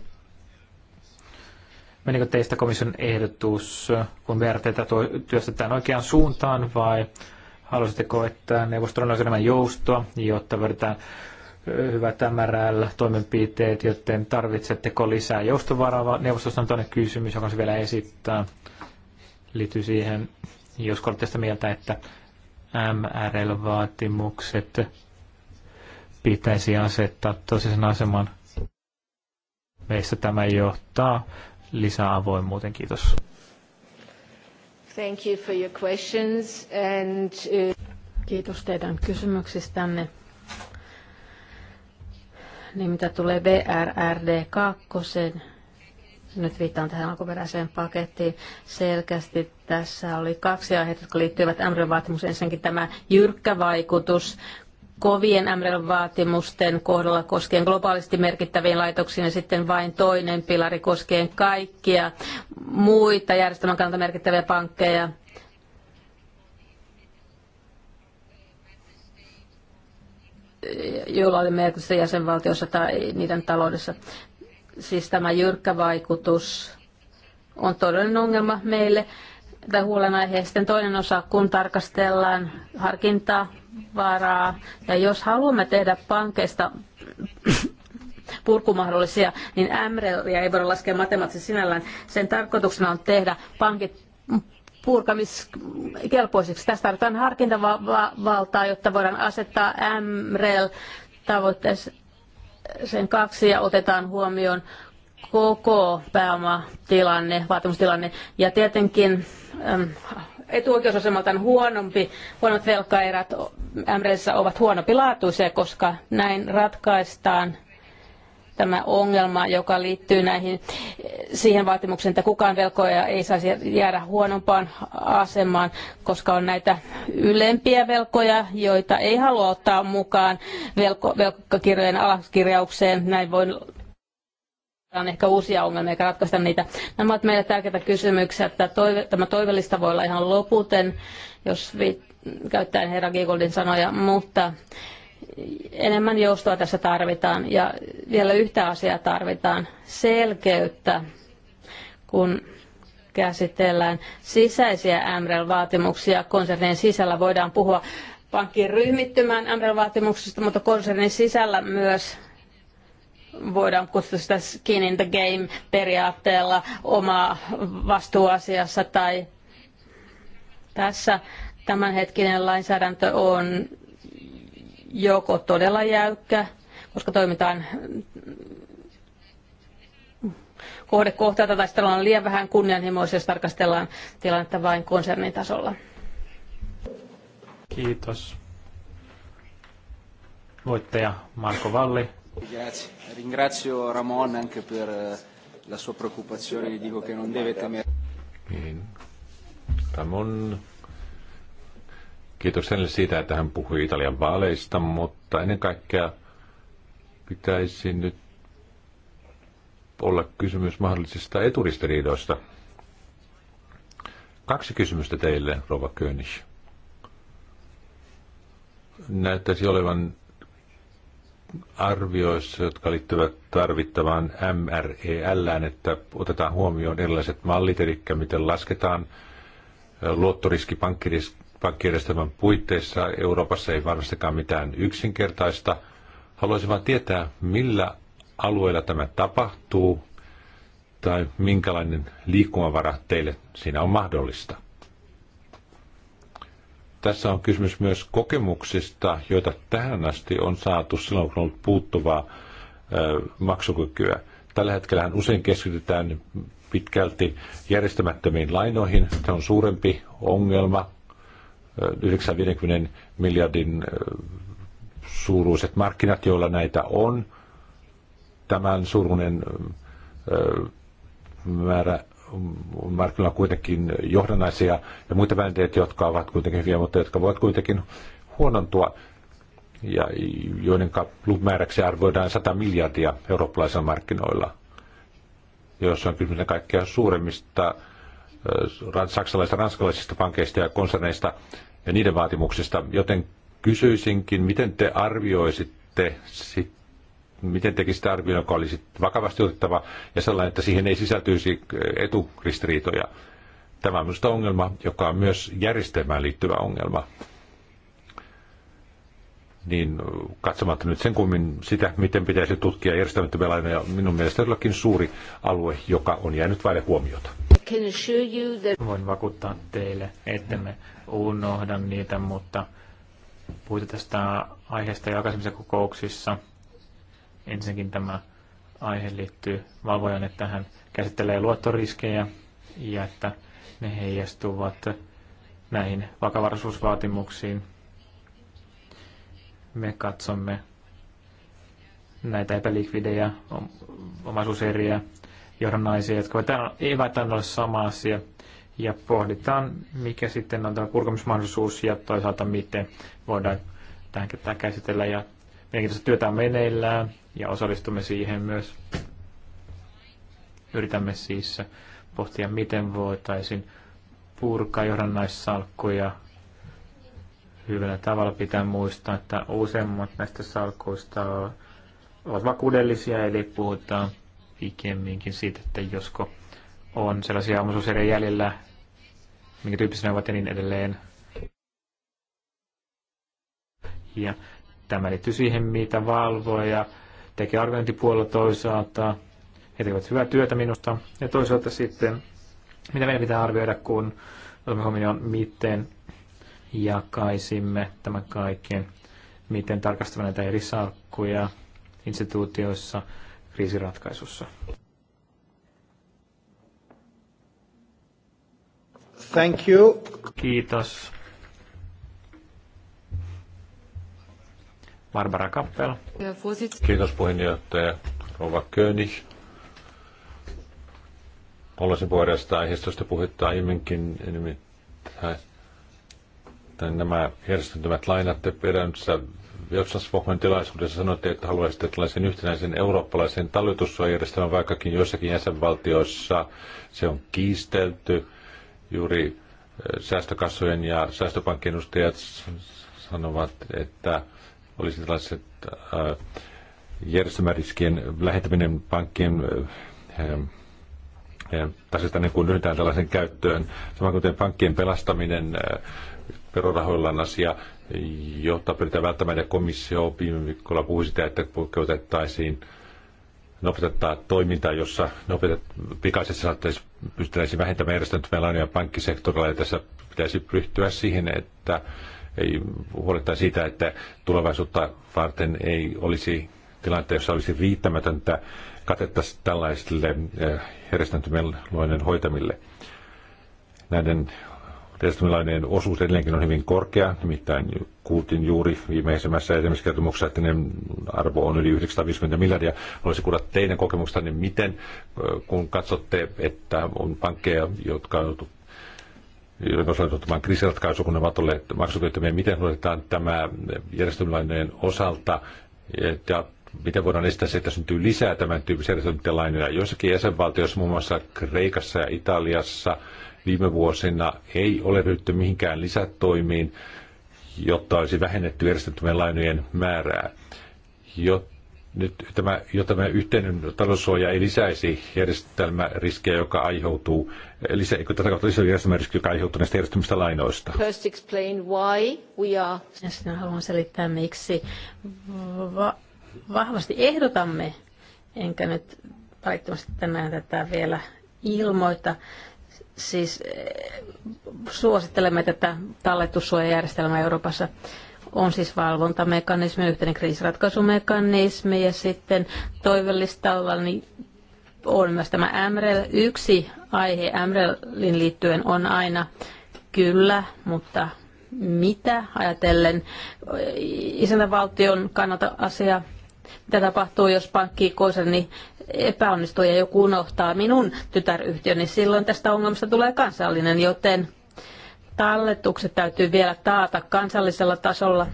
Menikö teistä komission ehdotus, kun VRTtä työstetään oikeaan suuntaan vai Haluaisitteko, että neuvostolla olisi enemmän joustoa, jotta vedetään hyvät MRL-toimenpiteet, joten tarvitsetteko lisää joustovaraa? Neuvostossa on toinen kysymys, joka se vielä esittää. Liittyy siihen, jos olette sitä mieltä, että MRL-vaatimukset pitäisi asettaa tosisen aseman. Meistä tämä johtaa lisää avoimuuteen. Kiitos. Thank you for your questions and, uh, Kiitos teidän kysymyksistänne. Niin mitä tulee BRRD2, nyt viittaan tähän alkuperäiseen pakettiin. Selkeästi tässä oli kaksi aihetta, jotka liittyvät MRN-vaatimus. Ensinnäkin tämä jyrkkä vaikutus kovien mrl vaatimusten kohdalla koskien globaalisti merkittäviin laitoksiin ja sitten vain toinen pilari koskien kaikkia muita järjestelmän kannalta merkittäviä pankkeja. joilla oli merkitystä jäsenvaltiossa tai niiden taloudessa. Siis tämä jyrkkä vaikutus on todellinen ongelma meille tai huolenaihe. Sitten toinen osa, kun tarkastellaan harkintaa varaa. Ja jos haluamme tehdä pankeista purkumahdollisia, niin MRELia ei voida laskea matemaattisesti sinällään. Sen tarkoituksena on tehdä pankit purkamiskelpoisiksi. Tästä tarvitaan harkintavaltaa, jotta voidaan asettaa MREL tavoitteeseen kaksi ja otetaan huomioon koko pääomatilanne, vaatimustilanne ja tietenkin ähm, etuoikeusasemaltaan huonompi, huonot velkaerät MRLissä ovat huonopilaatuisia, koska näin ratkaistaan tämä ongelma, joka liittyy näihin, siihen vaatimukseen, että kukaan velkoja ei saisi jäädä huonompaan asemaan, koska on näitä ylempiä velkoja, joita ei halua ottaa mukaan velko, velkakirjojen alaskirjaukseen. Näin voi on ehkä uusia ongelmia eikä ratkaista niitä. Nämä ovat meille tärkeitä kysymyksiä, että toive, tämä toivellista voi olla ihan loputen, jos vi, käyttäen herra Giegoldin sanoja, mutta enemmän joustoa tässä tarvitaan ja vielä yhtä asiaa tarvitaan, selkeyttä, kun käsitellään sisäisiä MREL-vaatimuksia konsernin sisällä. Voidaan puhua ryhmittymään MREL-vaatimuksista, mutta konsernin sisällä myös voidaan kutsua sitä skin in the game periaatteella oma vastuuasiassa tai tässä tämänhetkinen lainsäädäntö on joko todella jäykkä, koska toimitaan kohdekohtaista tai sitten ollaan liian vähän kunnianhimoisia, jos tarkastellaan tilannetta vain konsernin tasolla. Kiitos. Voittaja Marko Valli Grazie. Ringrazio Ramon anche per eh, la sua preoccupazione. Gli dico che non deve Niin. Ramon, kiitos hänelle siitä, että hän puhui Italian vaaleista, mutta ennen kaikkea pitäisi nyt olla kysymys mahdollisista eturistiriidoista. Kaksi kysymystä teille, Rova König. Näyttäisi olevan arvioissa, jotka liittyvät tarvittavaan MREL, että otetaan huomioon erilaiset mallit, eli miten lasketaan luottoriski pankkijärjestelmän puitteissa. Euroopassa ei varmastikaan mitään yksinkertaista. Haluaisin vain tietää, millä alueella tämä tapahtuu tai minkälainen liikkumavara teille siinä on mahdollista. Tässä on kysymys myös kokemuksista, joita tähän asti on saatu silloin, kun on ollut puuttuvaa maksukykyä. Tällä hetkellä usein keskitytään pitkälti järjestämättömiin lainoihin. Tämä on suurempi ongelma. 950 miljardin suuruiset markkinat, joilla näitä on. Tämän suuruinen määrä markkinoilla kuitenkin johdannaisia ja muita välineitä, jotka ovat kuitenkin hyviä, mutta jotka voivat kuitenkin huonontua ja joiden määräksi arvioidaan 100 miljardia eurooppalaisilla markkinoilla, joissa on kysymys kaikkea suuremmista saksalaisista, ranskalaisista pankeista ja konserneista ja niiden vaatimuksista, joten kysyisinkin, miten te arvioisitte sitä? miten tekisi arvion, joka olisi vakavasti otettava ja sellainen, että siihen ei sisältyisi eturistiriitoja. Tämä on minusta ongelma, joka on myös järjestelmään liittyvä ongelma. Niin katsomatta nyt sen kummin sitä, miten pitäisi tutkia järjestelmättömiä lainoja, minun mielestä todellakin suuri alue, joka on jäänyt vaille huomiota. Voin vakuuttaa teille, että me unohda niitä, mutta puhuta tästä aiheesta jo aikaisemmissa kokouksissa – Ensinnäkin tämä aihe liittyy valvojan, että hän käsittelee luottoriskejä ja että ne heijastuvat näihin vakavaraisuusvaatimuksiin. Me katsomme näitä epälikvidejä, omaisuuseriä, johdannaisia, jotka eivät aina ole sama asia. Ja pohditaan, mikä sitten on tämä purkamismahdollisuus ja toisaalta miten voidaan tähän käsitellä. Ja Mielenkiintoista työtä meneillään ja osallistumme siihen myös. Yritämme siis pohtia, miten voitaisiin purkaa johdannaissalkkuja hyvällä tavalla. Pitää muistaa, että useimmat näistä salkuista ovat vakuudellisia, eli puhutaan pikemminkin siitä, että josko on sellaisia omaisuuseriä jäljellä, minkä tyyppisiä ne ovat ja niin edelleen. Ja Tämä liittyy siihen, mitä valvoja teki arviointipuolella toisaalta. He tekevät hyvää työtä minusta. Ja toisaalta sitten, mitä meidän pitää arvioida, kun otamme huomioon, miten jakaisimme tämän kaiken, miten tarkastamme näitä eri salkkuja instituutioissa kriisiratkaisussa. Thank you. Kiitos. Barbara Kappel. Kiitos puheenjohtaja Rova König. Haluaisin puheenjohtaja aiheesta, puhetta aiemminkin, nimittäin nämä järjestöntymät lainat te peräänsä Jotsasvohman tilaisuudessa sanoitte, että haluaisitte tällaisen yhtenäisen eurooppalaisen talletussuojajärjestelmän, vaikkakin joissakin jäsenvaltioissa se on kiistelty. Juuri eh, säästökassojen ja säästöpankkien edustajat sanovat, että olisi tällaiset äh, järjestelmäriskien lähettäminen pankkien äh, äh, äh tasesta niin kuin tällaisen käyttöön. Sama kuten pankkien pelastaminen äh, verorahoilla on asia, jota pyritään välttämään, ja komissio viime viikolla puhui sitä, että otettaisiin nopeuttaa toimintaa, jossa nopeutet, pikaisesti saattaisi pystyttäisiin vähentämään lainoja pankkisektorilla, ja tässä pitäisi ryhtyä siihen, että ei huolehtia siitä, että tulevaisuutta varten ei olisi tilanteessa, jossa olisi riittämätöntä katetta tällaisille eh, järjestäytymäluoinen hoitamille. Näiden järjestäytymälainen osuus edelleenkin on hyvin korkea, nimittäin kuultiin juuri viimeisimmässä esimerkiksi että ne arvo on yli 950 miljardia. Haluaisin kuulla teidän kokemuksestanne, niin miten eh, kun katsotte, että on pankkeja, jotka on joiden osalta ottamaan kriisiratkaisu, kun ne ovat olleet maksukyvyttömiä. Miten otetaan tämä järjestelmälainojen osalta ja miten voidaan estää se, että syntyy lisää tämän tyyppisiä järjestelmälainoja. Joissakin jäsenvaltioissa, muun muassa Kreikassa ja Italiassa, viime vuosina ei ole ryhdytty mihinkään lisätoimiin, jotta olisi vähennetty järjestelmien lainojen määrää. Jotta nyt tämä, jo tämä yhteinen taloussuoja ei lisäisi järjestelmäriskejä, joka aiheutuu, lisä, tätä kautta lisää järjestelmäriskejä, joka aiheutuu näistä järjestelmistä lainoista. First explain why we are... Sitten haluan selittää, miksi va- vahvasti ehdotamme, enkä nyt valitettavasti tänään tätä vielä ilmoita, siis eh, suosittelemme tätä talletussuojajärjestelmää Euroopassa on siis valvontamekanismi, yhteinen kriisiratkaisumekanismi ja sitten toivellistalla niin on myös tämä MREL. Yksi aihe MRELin liittyen on aina kyllä, mutta mitä ajatellen isäntävaltion kannalta asia, mitä tapahtuu, jos pankki konserni niin epäonnistuu ja joku unohtaa minun tytäryhtiöni, niin silloin tästä ongelmasta tulee kansallinen, joten talletukset täytyy vielä taata kansallisella tasolla,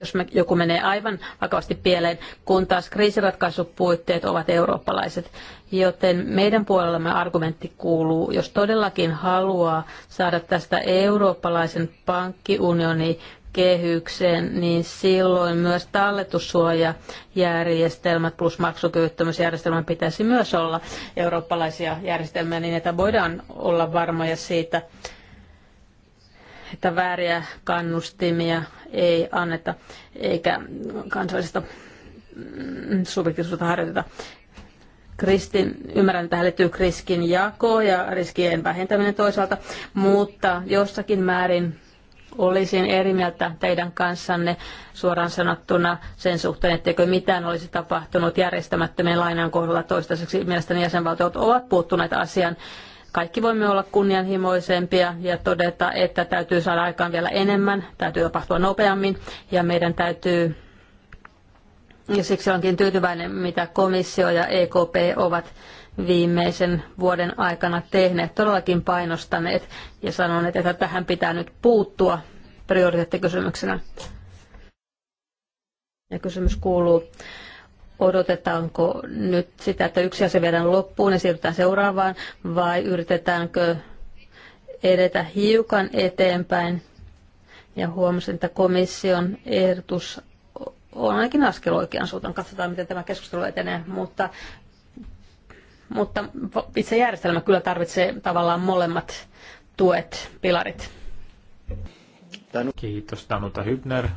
jos joku menee aivan vakavasti pieleen, kun taas kriisiratkaisupuitteet ovat eurooppalaiset. Joten meidän puolellamme argumentti kuuluu, jos todellakin haluaa saada tästä eurooppalaisen pankkiunionin kehykseen, niin silloin myös talletussuojajärjestelmät plus maksukyvyttömyysjärjestelmän pitäisi myös olla eurooppalaisia järjestelmiä niin, että voidaan olla varmoja siitä, että vääriä kannustimia ei anneta eikä kansallista mm, subjektiivisuutta harjoiteta. Kristin, ymmärrän, että tähän liittyy riskin jako ja riskien vähentäminen toisaalta, mutta jossakin määrin olisin eri mieltä teidän kanssanne suoraan sanottuna sen suhteen, etteikö mitään olisi tapahtunut järjestämättömien lainan kohdalla toistaiseksi. Mielestäni jäsenvaltiot ovat puuttuneet asiaan. Kaikki voimme olla kunnianhimoisempia ja todeta, että täytyy saada aikaan vielä enemmän, täytyy tapahtua nopeammin ja meidän täytyy ja siksi onkin tyytyväinen, mitä komissio ja EKP ovat viimeisen vuoden aikana tehneet, todellakin painostaneet ja sanoneet, että tähän pitää nyt puuttua prioriteettikysymyksenä. Ja kysymys kuuluu, odotetaanko nyt sitä, että yksi asia viedään loppuun ja siirrytään seuraavaan, vai yritetäänkö edetä hiukan eteenpäin? Ja huomasin, että komission ehdotus on ainakin askel oikean suuntaan. Katsotaan, miten tämä keskustelu etenee, mutta mutta itse järjestelmä kyllä tarvitsee tavallaan molemmat tuet, pilarit. Kiitos Danuta Hybner.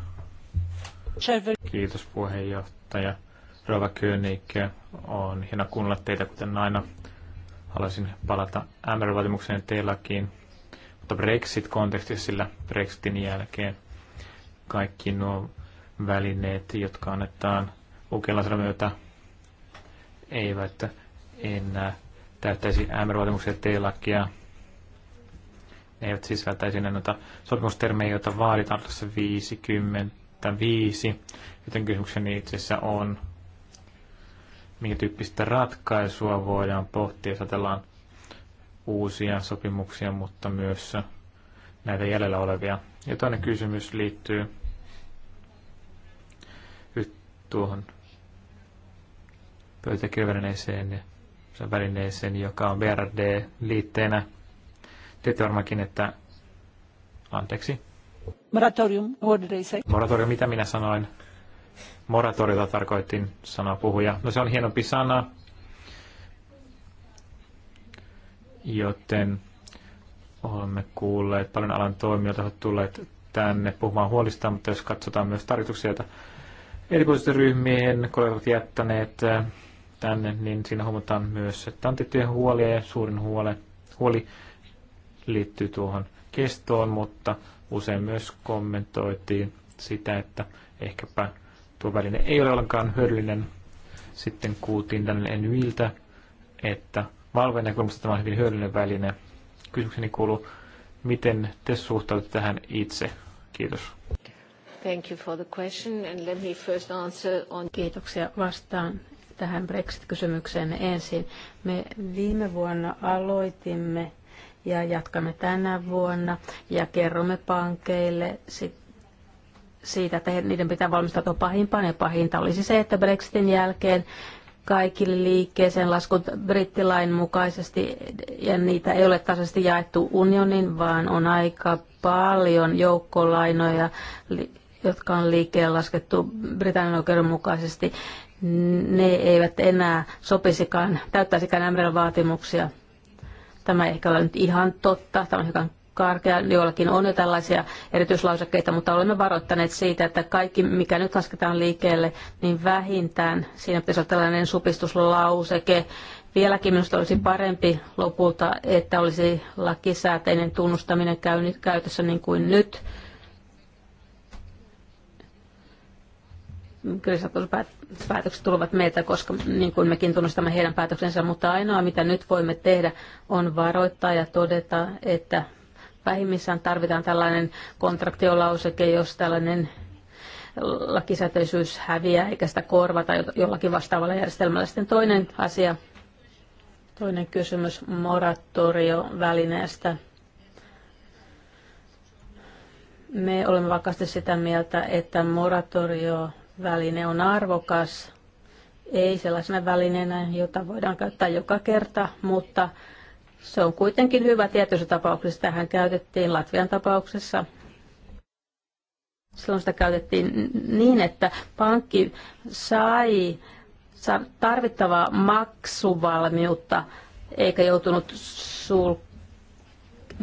Kiitos puheenjohtaja. Rova König, on hieno kuunnella teitä kuten aina. Haluaisin palata MR-vaatimukseen teilläkin, mutta Brexit-kontekstissa sillä Brexitin jälkeen kaikki nuo välineet, jotka annetaan ukelansa myötä, eivät en äh, täyttäisi MR-vaatimuksia T-lakia. Ne eivät siis välttäisi enää noita sopimustermejä, joita vaaditaan tässä 55, joten kysymykseni itse asiassa on, minkä tyyppistä ratkaisua voidaan pohtia, jos ajatellaan uusia sopimuksia, mutta myös näitä jäljellä olevia. Ja toinen kysymys liittyy tuohon pöytäkirjavälineeseen sen välineeseen, joka on BRD-liitteenä. Tiedätte varmaankin, että... Anteeksi. Moratorium, what did I say? Moratorium, mitä minä sanoin? Moratoriota tarkoitin, sanaa puhuja. No se on hienompi sana, joten olemme kuulleet paljon alan toimijoita ovat tulleet tänne puhumaan huolista, mutta jos katsotaan myös tarjouksia, joita eri ryhmien kollegat jättäneet tänne, niin siinä huomataan myös, että on tiettyjä huolia ja suurin huole, huoli liittyy tuohon kestoon, mutta usein myös kommentoitiin sitä, että ehkäpä tuo väline ei ole ollenkaan hyödyllinen. Sitten kuultiin tänne Enyiltä, että Valven näkökulmasta tämä on hyvin hyödyllinen väline. Kysymykseni kuuluu, miten te suhtaudutte tähän itse? Kiitos. Thank you for the question and let me first answer on... Kiitoksia vastaan tähän Brexit-kysymykseen ensin. Me viime vuonna aloitimme ja jatkamme tänä vuonna ja kerromme pankeille sit siitä, että niiden pitää valmistautua pahimpaan ja pahinta olisi se, että Brexitin jälkeen kaikille liikkeeseen laskut brittilain mukaisesti ja niitä ei ole tasaisesti jaettu unionin, vaan on aika paljon joukkolainoja, jotka on liikkeen laskettu Britannian oikeuden mukaisesti ne eivät enää sopisikaan, täyttäisikään MRL-vaatimuksia. Tämä ei ehkä ole nyt ihan totta, tämä on hiukan karkea, joillakin on jo tällaisia erityislausekkeita, mutta olemme varoittaneet siitä, että kaikki, mikä nyt lasketaan liikkeelle, niin vähintään siinä pitäisi olla tällainen supistuslauseke. Vieläkin minusta olisi parempi lopulta, että olisi lakisääteinen tunnustaminen käytössä niin kuin nyt, kyllä päätökset tulevat meitä, koska niin kuin mekin tunnustamme heidän päätöksensä, mutta ainoa mitä nyt voimme tehdä on varoittaa ja todeta, että vähimmissään tarvitaan tällainen kontraktiolauseke, jos tällainen lakisääteisyys häviää eikä sitä korvata jollakin vastaavalla järjestelmällä. Sitten toinen asia, toinen kysymys moratoriovälineestä, Me olemme vakaasti sitä mieltä, että moratorio väline on arvokas, ei sellaisena välineenä, jota voidaan käyttää joka kerta, mutta se on kuitenkin hyvä tietyissä tapauksissa. Tähän käytettiin Latvian tapauksessa. Silloin sitä käytettiin niin, että pankki sai tarvittavaa maksuvalmiutta eikä joutunut sulkemaan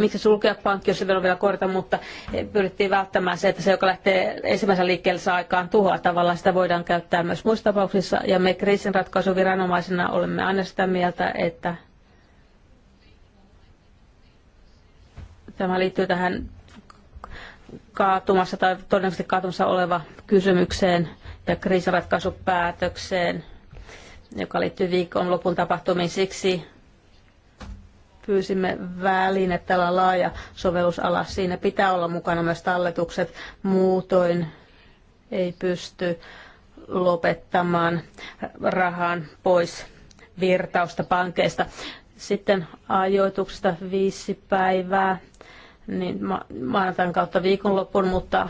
miksi sulkea pankki, jos se on vielä korta, mutta eh, pyrittiin välttämään se, että se, joka lähtee ensimmäisen liikkeelle, saa aikaan tuhoa. Tavallaan sitä voidaan käyttää myös muissa tapauksissa. Ja me kriisinratkaisuviranomaisena olemme aina sitä mieltä, että tämä liittyy tähän kaatumassa tai todennäköisesti kaatumassa oleva kysymykseen ja kriisiratkaisupäätökseen, joka liittyy viikonlopun tapahtumiin. Siksi pyysimme väline, tällä laaja sovellusala. Siinä pitää olla mukana myös talletukset, muutoin ei pysty lopettamaan rahan pois virtausta pankeista. Sitten ajoituksesta viisi päivää niin ma- maanantain kautta viikonloppuun, mutta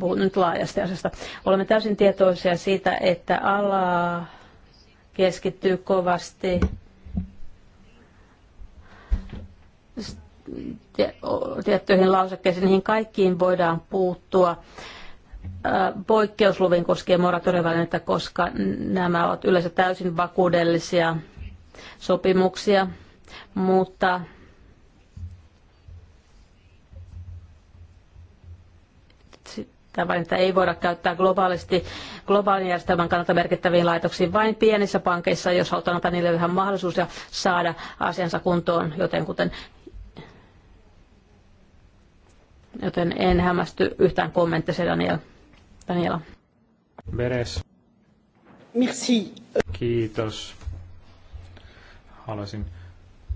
puhun nyt laajasti asiasta. Olemme täysin tietoisia siitä, että ala keskittyy kovasti tiettyihin lausekkeisiin, niihin kaikkiin voidaan puuttua poikkeusluvin koskien moratoriovälinettä, koska nämä ovat yleensä täysin vakuudellisia sopimuksia, mutta tämä ei voida käyttää globaalisti globaalin järjestelmän kannalta merkittäviin laitoksiin, vain pienissä pankeissa, jos halutaan antaa niille vähän mahdollisuus ja saada asiansa kuntoon joten kuten joten en hämmästy yhtään kommentteja Daniel. Daniela. Beres. Merci. Kiitos. Haluaisin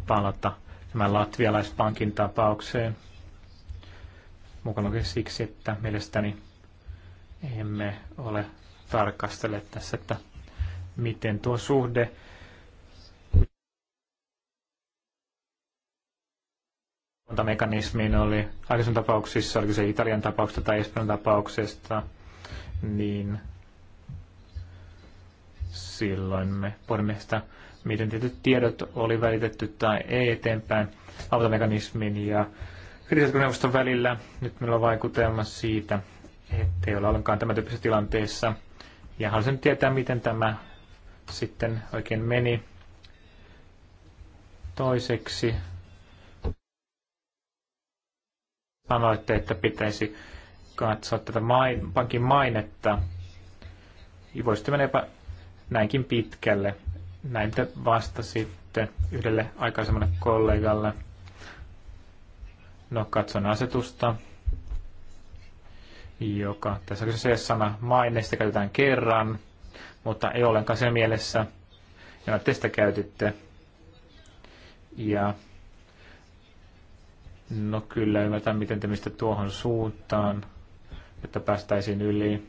palata tämän latvialaispankin tapaukseen. Mukana siksi, että mielestäni emme ole tarkastelleet tässä, että miten tuo suhde valvontamekanismiin oli aikaisemmin tapauksissa, oliko se Italian tapauksesta tai Espanjan tapauksesta, niin silloin me pohdimme sitä, miten tietyt tiedot oli välitetty tai ei eteenpäin valvontamekanismin ja kriisineuvoston välillä. Nyt meillä on vaikutelma siitä, ettei ole ollenkaan tämän tyyppisessä tilanteessa. Ja haluaisin tietää, miten tämä sitten oikein meni. Toiseksi sanoitte, että pitäisi katsoa tätä main, pankin mainetta. Voisitte menepä näinkin pitkälle. Näin te vastasitte yhdelle aikaisemmalle kollegalle. No, katson asetusta, joka tässä on se sana sitä käytetään kerran, mutta ei ollenkaan sen mielessä, jona te sitä käytitte. Ja No kyllä, ymmärtää miten te mistä tuohon suuntaan, että päästäisiin yli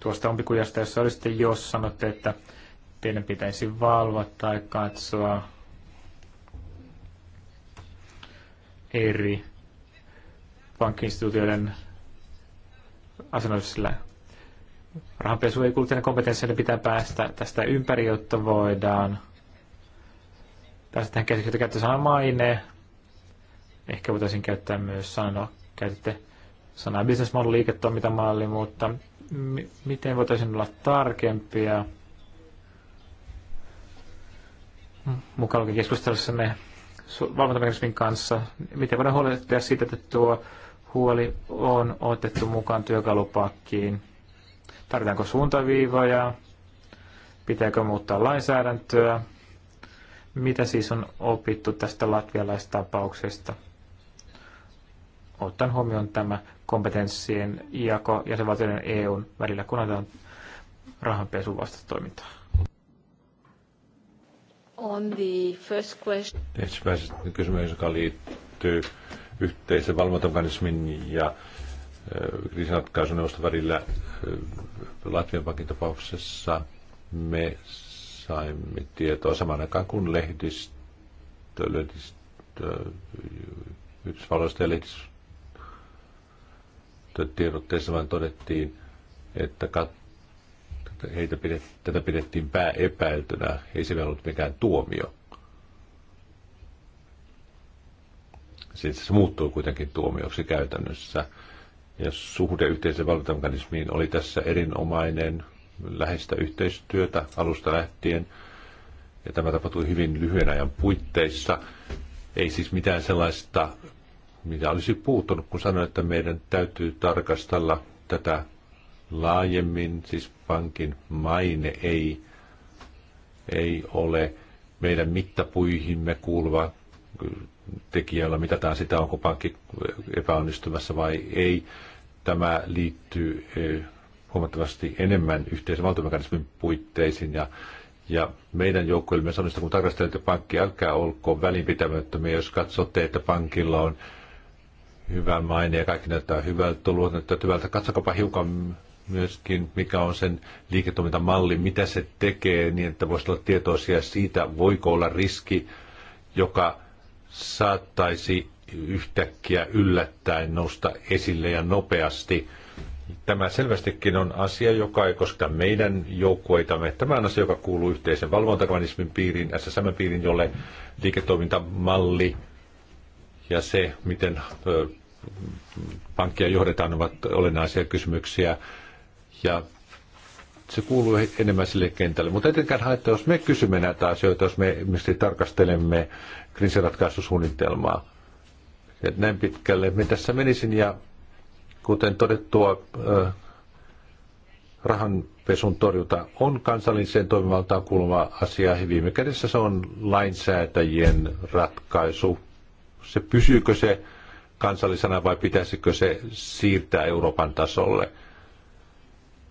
tuosta umpikujasta, jossa olisitte, jos sanotte, että teidän pitäisi valvoa tai katsoa eri pankkiinstituutioiden asennoisilla rahanpesu ei kuulu teidän kompetenssille, pitää päästä tästä ympäri, jotta voidaan tai sitten käsittää käyttää sanaa maine. Ehkä voitaisiin käyttää myös sanaa, käytitte sanaa business model, liiketoimintamalli, mutta miten voitaisiin olla tarkempia? Mukaan lukien keskustelussa ne valvontamekanismin kanssa. Miten voidaan huolehtia siitä, että tuo huoli on otettu mukaan työkalupakkiin? Tarvitaanko suuntaviivoja? Pitääkö muuttaa lainsäädäntöä? Mitä siis on opittu tästä latvialaistapauksesta? Ottaen huomioon tämä kompetenssien jako jäsenvaltioiden EUn välillä, kun annetaan rahanpesun vasta toimintaa. On the first question. Ensimmäisen kysymys, joka liittyy yhteisen valvontamekanismin ja kriisinratkaisun välillä Latvian pankin tapauksessa me saimme tietoa saman aikaan kuin lehdistö, lehdistö Yhdysvalloista ja lehdistötiedotteessa vain todettiin, että kat, heitä pidet, tätä pidettiin pääepäiltynä. Ei se ollut mikään tuomio. Siis se muuttuu kuitenkin tuomioksi käytännössä. Ja suhde yhteisen valvontamekanismiin oli tässä erinomainen läheistä yhteistyötä alusta lähtien, ja tämä tapahtui hyvin lyhyen ajan puitteissa. Ei siis mitään sellaista, mitä olisi puuttunut, kun sanoin, että meidän täytyy tarkastella tätä laajemmin, siis pankin maine ei, ei ole meidän mittapuihimme kuuluva mitä mitataan sitä, onko pankki epäonnistumassa vai ei. Tämä liittyy eh, huomattavasti enemmän yhteisen valtomekanismin puitteisiin ja ja meidän joukkueellemme sanoi, kun tarkastelette pankkia, älkää olko välinpitämättömiä, jos katsotte, että pankilla on hyvä maine ja kaikki näyttää hyvältä, luot näyttää hyvältä. Katsokapa hiukan myöskin, mikä on sen liiketoimintamalli, mitä se tekee, niin että voisi olla tietoisia siitä, voiko olla riski, joka saattaisi yhtäkkiä yllättäen nousta esille ja nopeasti – Tämä selvästikin on asia, joka ei kosketa meidän joukkueitamme. Tämä on asia, joka kuuluu yhteisen valvontakvanismin piiriin, SSM-piiriin, jolle liiketoimintamalli ja se, miten pankkia johdetaan, ovat olennaisia kysymyksiä. Ja se kuuluu enemmän sille kentälle. Mutta etenkään haittaa, jos me kysymme näitä asioita, jos me mistä tarkastelemme kriisiratkaisusuunnitelmaa. Ja näin pitkälle me tässä menisin ja Kuten todettua, rahanpesun torjunta on kansalliseen toimivaltaan kuuluva asia. Viime kädessä se on lainsäätäjien ratkaisu. Se pysyykö se kansallisena vai pitäisikö se siirtää Euroopan tasolle?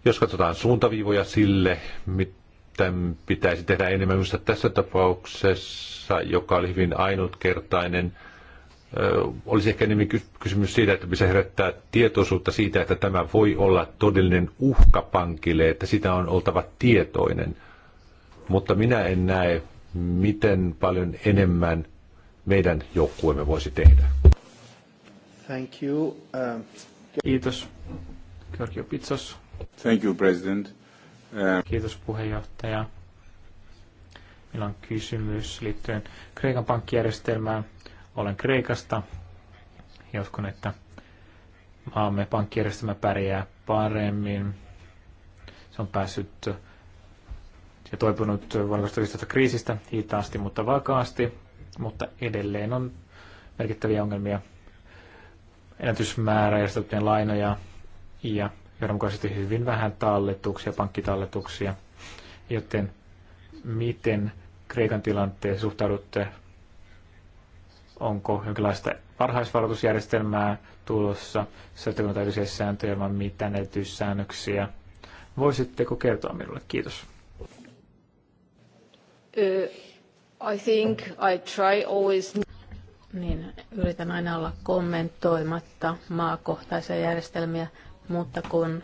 Jos katsotaan suuntaviivoja sille, mitä pitäisi tehdä enemmän, minusta tässä tapauksessa, joka oli hyvin ainutkertainen, olisi ehkä nimi kysymys siitä, että se herättää tietoisuutta siitä, että tämä voi olla todellinen uhka pankille, että sitä on oltava tietoinen. Mutta minä en näe, miten paljon enemmän meidän joukkueemme voisi tehdä. Thank you. Uh... Kiitos. Georgio Pitsos. Thank you, President. Uh... Kiitos puheenjohtaja. Meillä on kysymys liittyen Kreikan pankkijärjestelmään – olen Kreikasta ja uskon, että maamme pankkijärjestelmä pärjää paremmin. Se on päässyt ja toipunut vuonna 2015 kriisistä hitaasti, mutta vakaasti, mutta edelleen on merkittäviä ongelmia. Ennätysmäärä järjestettyjen lainoja ja johdonmukaisesti hyvin vähän talletuksia, pankkitalletuksia. Joten miten Kreikan tilanteen suhtaudutte onko jonkinlaista varhaisvaroitusjärjestelmää tulossa, säätäkö täydellisiä sääntöjä vai mitään erityissäännöksiä. Voisitteko kertoa minulle? Kiitos. Uh, I think I try always... Niin, yritän aina olla kommentoimatta maakohtaisia järjestelmiä, mutta kun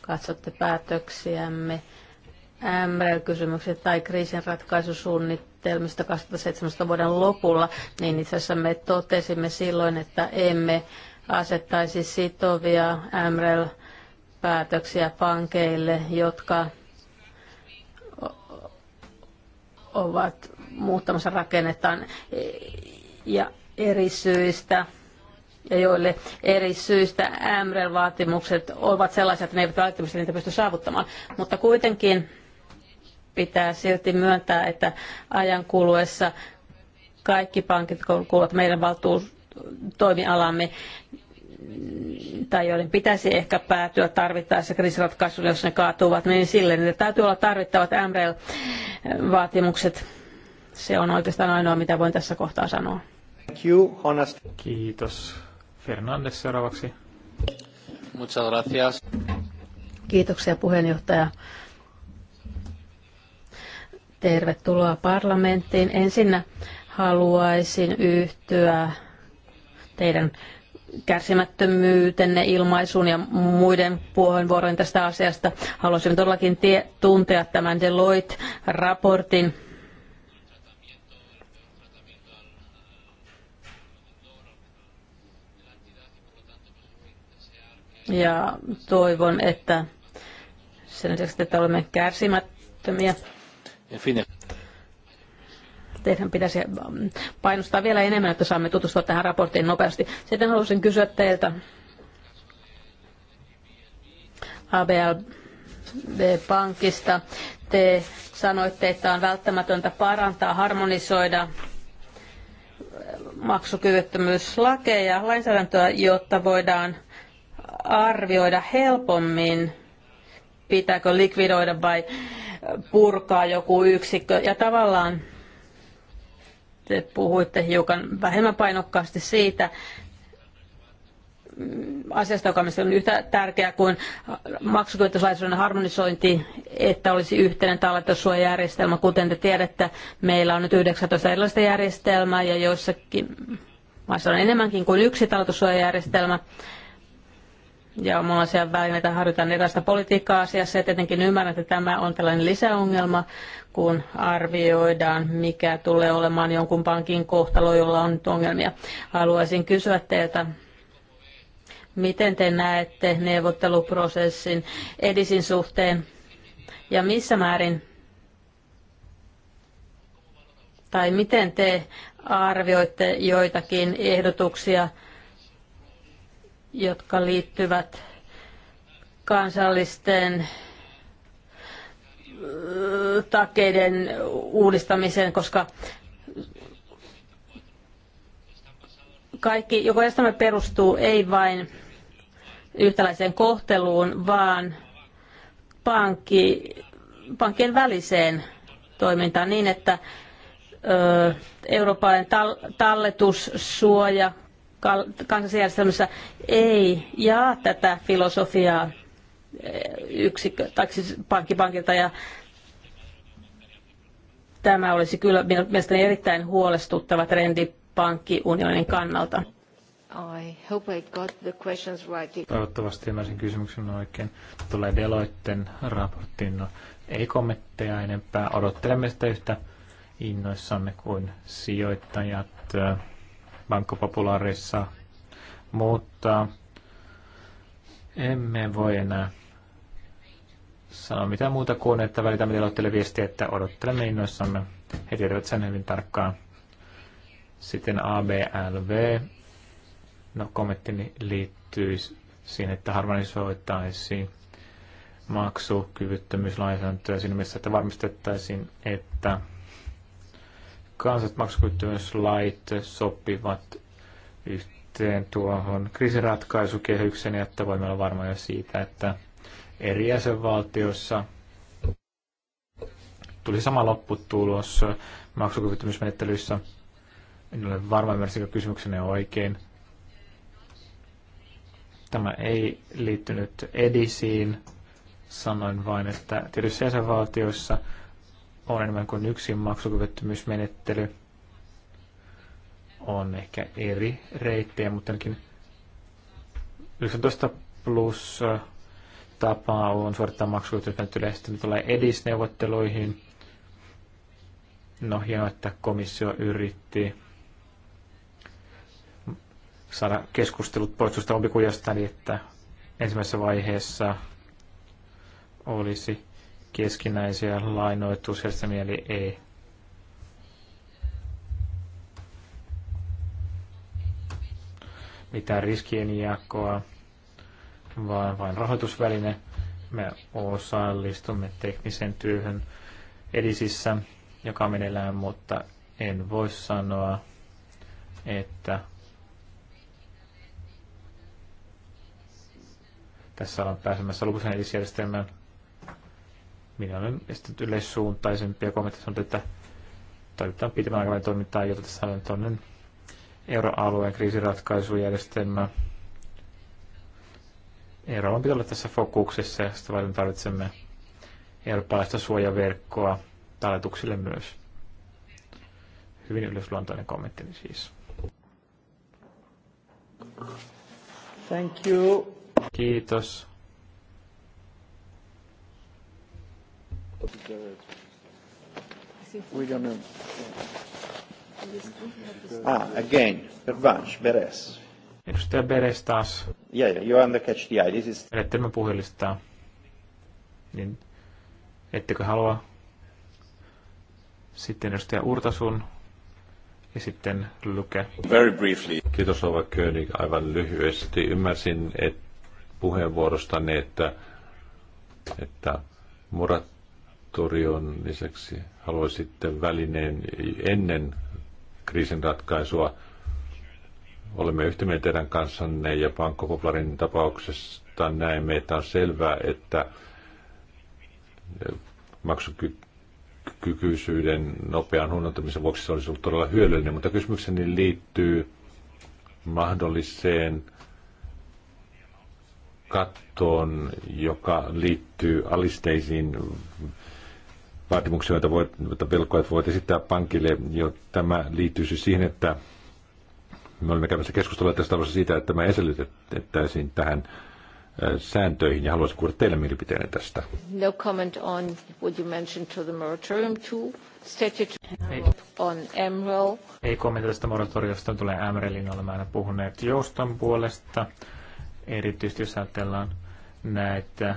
katsotte päätöksiämme, MRL-kysymykset tai kriisinratkaisusuunnitelmista 2017 vuoden lopulla, niin itse asiassa me totesimme silloin, että emme asettaisi sitovia MRL-päätöksiä pankeille, jotka ovat muuttamassa rakennettaan ja eri syistä ja joille eri syistä mrl vaatimukset ovat sellaisia, että ne eivät välttämättä niitä pysty saavuttamaan. Mutta kuitenkin pitää silti myöntää, että ajan kuluessa kaikki pankit kuuluvat meidän valtuus tai joiden pitäisi ehkä päätyä tarvittaessa kriisiratkaisuun, jos ne kaatuvat, niin sille niin täytyy olla tarvittavat MREL-vaatimukset. Se on oikeastaan ainoa, mitä voin tässä kohtaa sanoa. Thank you, honest. Kiitos. Fernandes seuraavaksi. Muchas gracias. Kiitoksia puheenjohtaja. Tervetuloa parlamenttiin. Ensinnä haluaisin yhtyä teidän kärsimättömyytenne ilmaisuun ja muiden puheenvuorojen tästä asiasta. Haluaisin todellakin tie- tuntea tämän Deloitte-raportin. Ja toivon, että sen lisäksi, että olemme kärsimättömiä, Infine. Teidän pitäisi ähm, painostaa vielä enemmän, että saamme tutustua tähän raporttiin nopeasti. Sitten haluaisin kysyä teiltä ABLB-pankista. Te sanoitte, että on välttämätöntä parantaa, harmonisoida äh, maksukyvyttömyyslakeja, lainsäädäntöä, jotta voidaan arvioida helpommin, pitääkö likvidoida vai purkaa joku yksikkö. Ja tavallaan te puhuitte hiukan vähemmän painokkaasti siitä, asiasta, joka on yhtä tärkeää kuin maksukyvyttömyyslaisuuden harmonisointi, että olisi yhteinen talletussuojajärjestelmä. Kuten te tiedätte, meillä on nyt 19 erilaista järjestelmää ja joissakin maissa on enemmänkin kuin yksi talletussuojajärjestelmä ja siellä välineitä harjoitan erilaista politiikkaa asiassa. Ja tietenkin ymmärrän, että tämä on tällainen lisäongelma, kun arvioidaan, mikä tulee olemaan jonkun pankin kohtalo, jolla on nyt ongelmia. Haluaisin kysyä teiltä, miten te näette neuvotteluprosessin edisin suhteen ja missä määrin tai miten te arvioitte joitakin ehdotuksia, jotka liittyvät kansallisten takeiden uudistamiseen, koska kaikki, joko järjestelmä perustuu ei vain yhtäläiseen kohteluun, vaan pankki, pankkien väliseen toimintaan niin, että eurooppalainen tal- talletussuoja kansallisjärjestelmässä ei jaa tätä filosofiaa eh, yksikö, tai siis pankkipankilta ja tämä olisi kyllä mielestäni erittäin huolestuttava trendi pankkiunionin kannalta. I hope I got the questions right. Toivottavasti ymmärsin kysymyksen oikein. Tulee Deloitten raporttiin. No, ei kommentteja enempää. Odottelemme sitä yhtä innoissamme kuin sijoittajat. Banco Popularissa, mutta emme voi enää sanoa mitään muuta kuin, että välitämme teille viestiä, että odottelemme innoissamme. He tietävät sen hyvin tarkkaan. Sitten ABLV. No kommenttini liittyy siihen, että harmonisoitaisiin maksukyvyttömyyslainsäädäntöä siinä mielessä, että varmistettaisiin, että kansalliset maksukyvyttömyyslait sopivat yhteen tuohon kriisiratkaisukehykseen, että voimme olla varmoja siitä, että eri jäsenvaltioissa tuli sama lopputulos maksukyvyttömyysmenettelyissä. En ole varma, ymmärsikö kysymyksenne oikein. Tämä ei liittynyt edisiin. Sanoin vain, että tietyissä jäsenvaltioissa – on enemmän kuin yksi maksukyvyttömyysmenettely. On ehkä eri reittejä, mutta ainakin 19 plus äh, tapaa on suorittaa maksukyvyttömyysmenettelyä. Sitten tulee edisneuvotteluihin. No hienoa, että komissio yritti saada keskustelut poistusta ompikujasta, niin että ensimmäisessä vaiheessa olisi keskinäisiä lainoitusjärjestelmiä, mieli ei. mitään riskien jakoa, vaan vain rahoitusväline. Me osallistumme teknisen työhön edisissä, joka meneillään, mutta en voi sanoa, että tässä ollaan pääsemässä lukuisen edisjärjestelmään minä olen esittänyt yleissuuntaisempia kommentteja, sanonut, että tarvitaan pitemmän aikavälin toimintaa, jota tässä on tuollainen euroalueen kriisiratkaisujärjestelmä. Euroalueen pitää olla tässä fokuksessa ja sitä varten tarvitsemme eurooppalaista suojaverkkoa talletuksille myös. Hyvin yleisluontoinen kommentti siis. Thank you. Kiitos. We don't know. Ah, again, Pervanche, Beres. Edustaja Beres taas. Yeah, yeah, you're on the catch the eye. This is... mä puhelistaa. Niin, ettekö halua? Sitten edustaja Urtasun ja sitten Luke. Very briefly. Kiitos Ova König aivan lyhyesti. Ymmärsin et puheenvuorostanne, että, että Murat torion lisäksi haluaisitte välineen ennen kriisin ratkaisua. Olemme yhtä mieltä teidän kanssanne ja pankkopoplarin tapauksesta näemme, että on selvää, että maksukykyisyyden nopean huonontamisen vuoksi se olisi ollut todella hyödyllinen, mutta kysymykseni liittyy mahdolliseen kattoon, joka liittyy alisteisiin vaatimuksia, joita, voit, joita velkojat voivat esittää pankille. Jo tämä liittyy siis siihen, että me olemme käymässä keskustelua tästä, talossa siitä, että me esitettäisiin tähän sääntöihin ja haluaisin kuulla teidän mielipiteenne tästä. No comment on what you mentioned to the moratorium too. Statute Ei. on MREL. Ei kommentoida tästä moratoriosta, tulee MRELin, olemme aina puhuneet jouston puolesta. Erityisesti jos ajatellaan näitä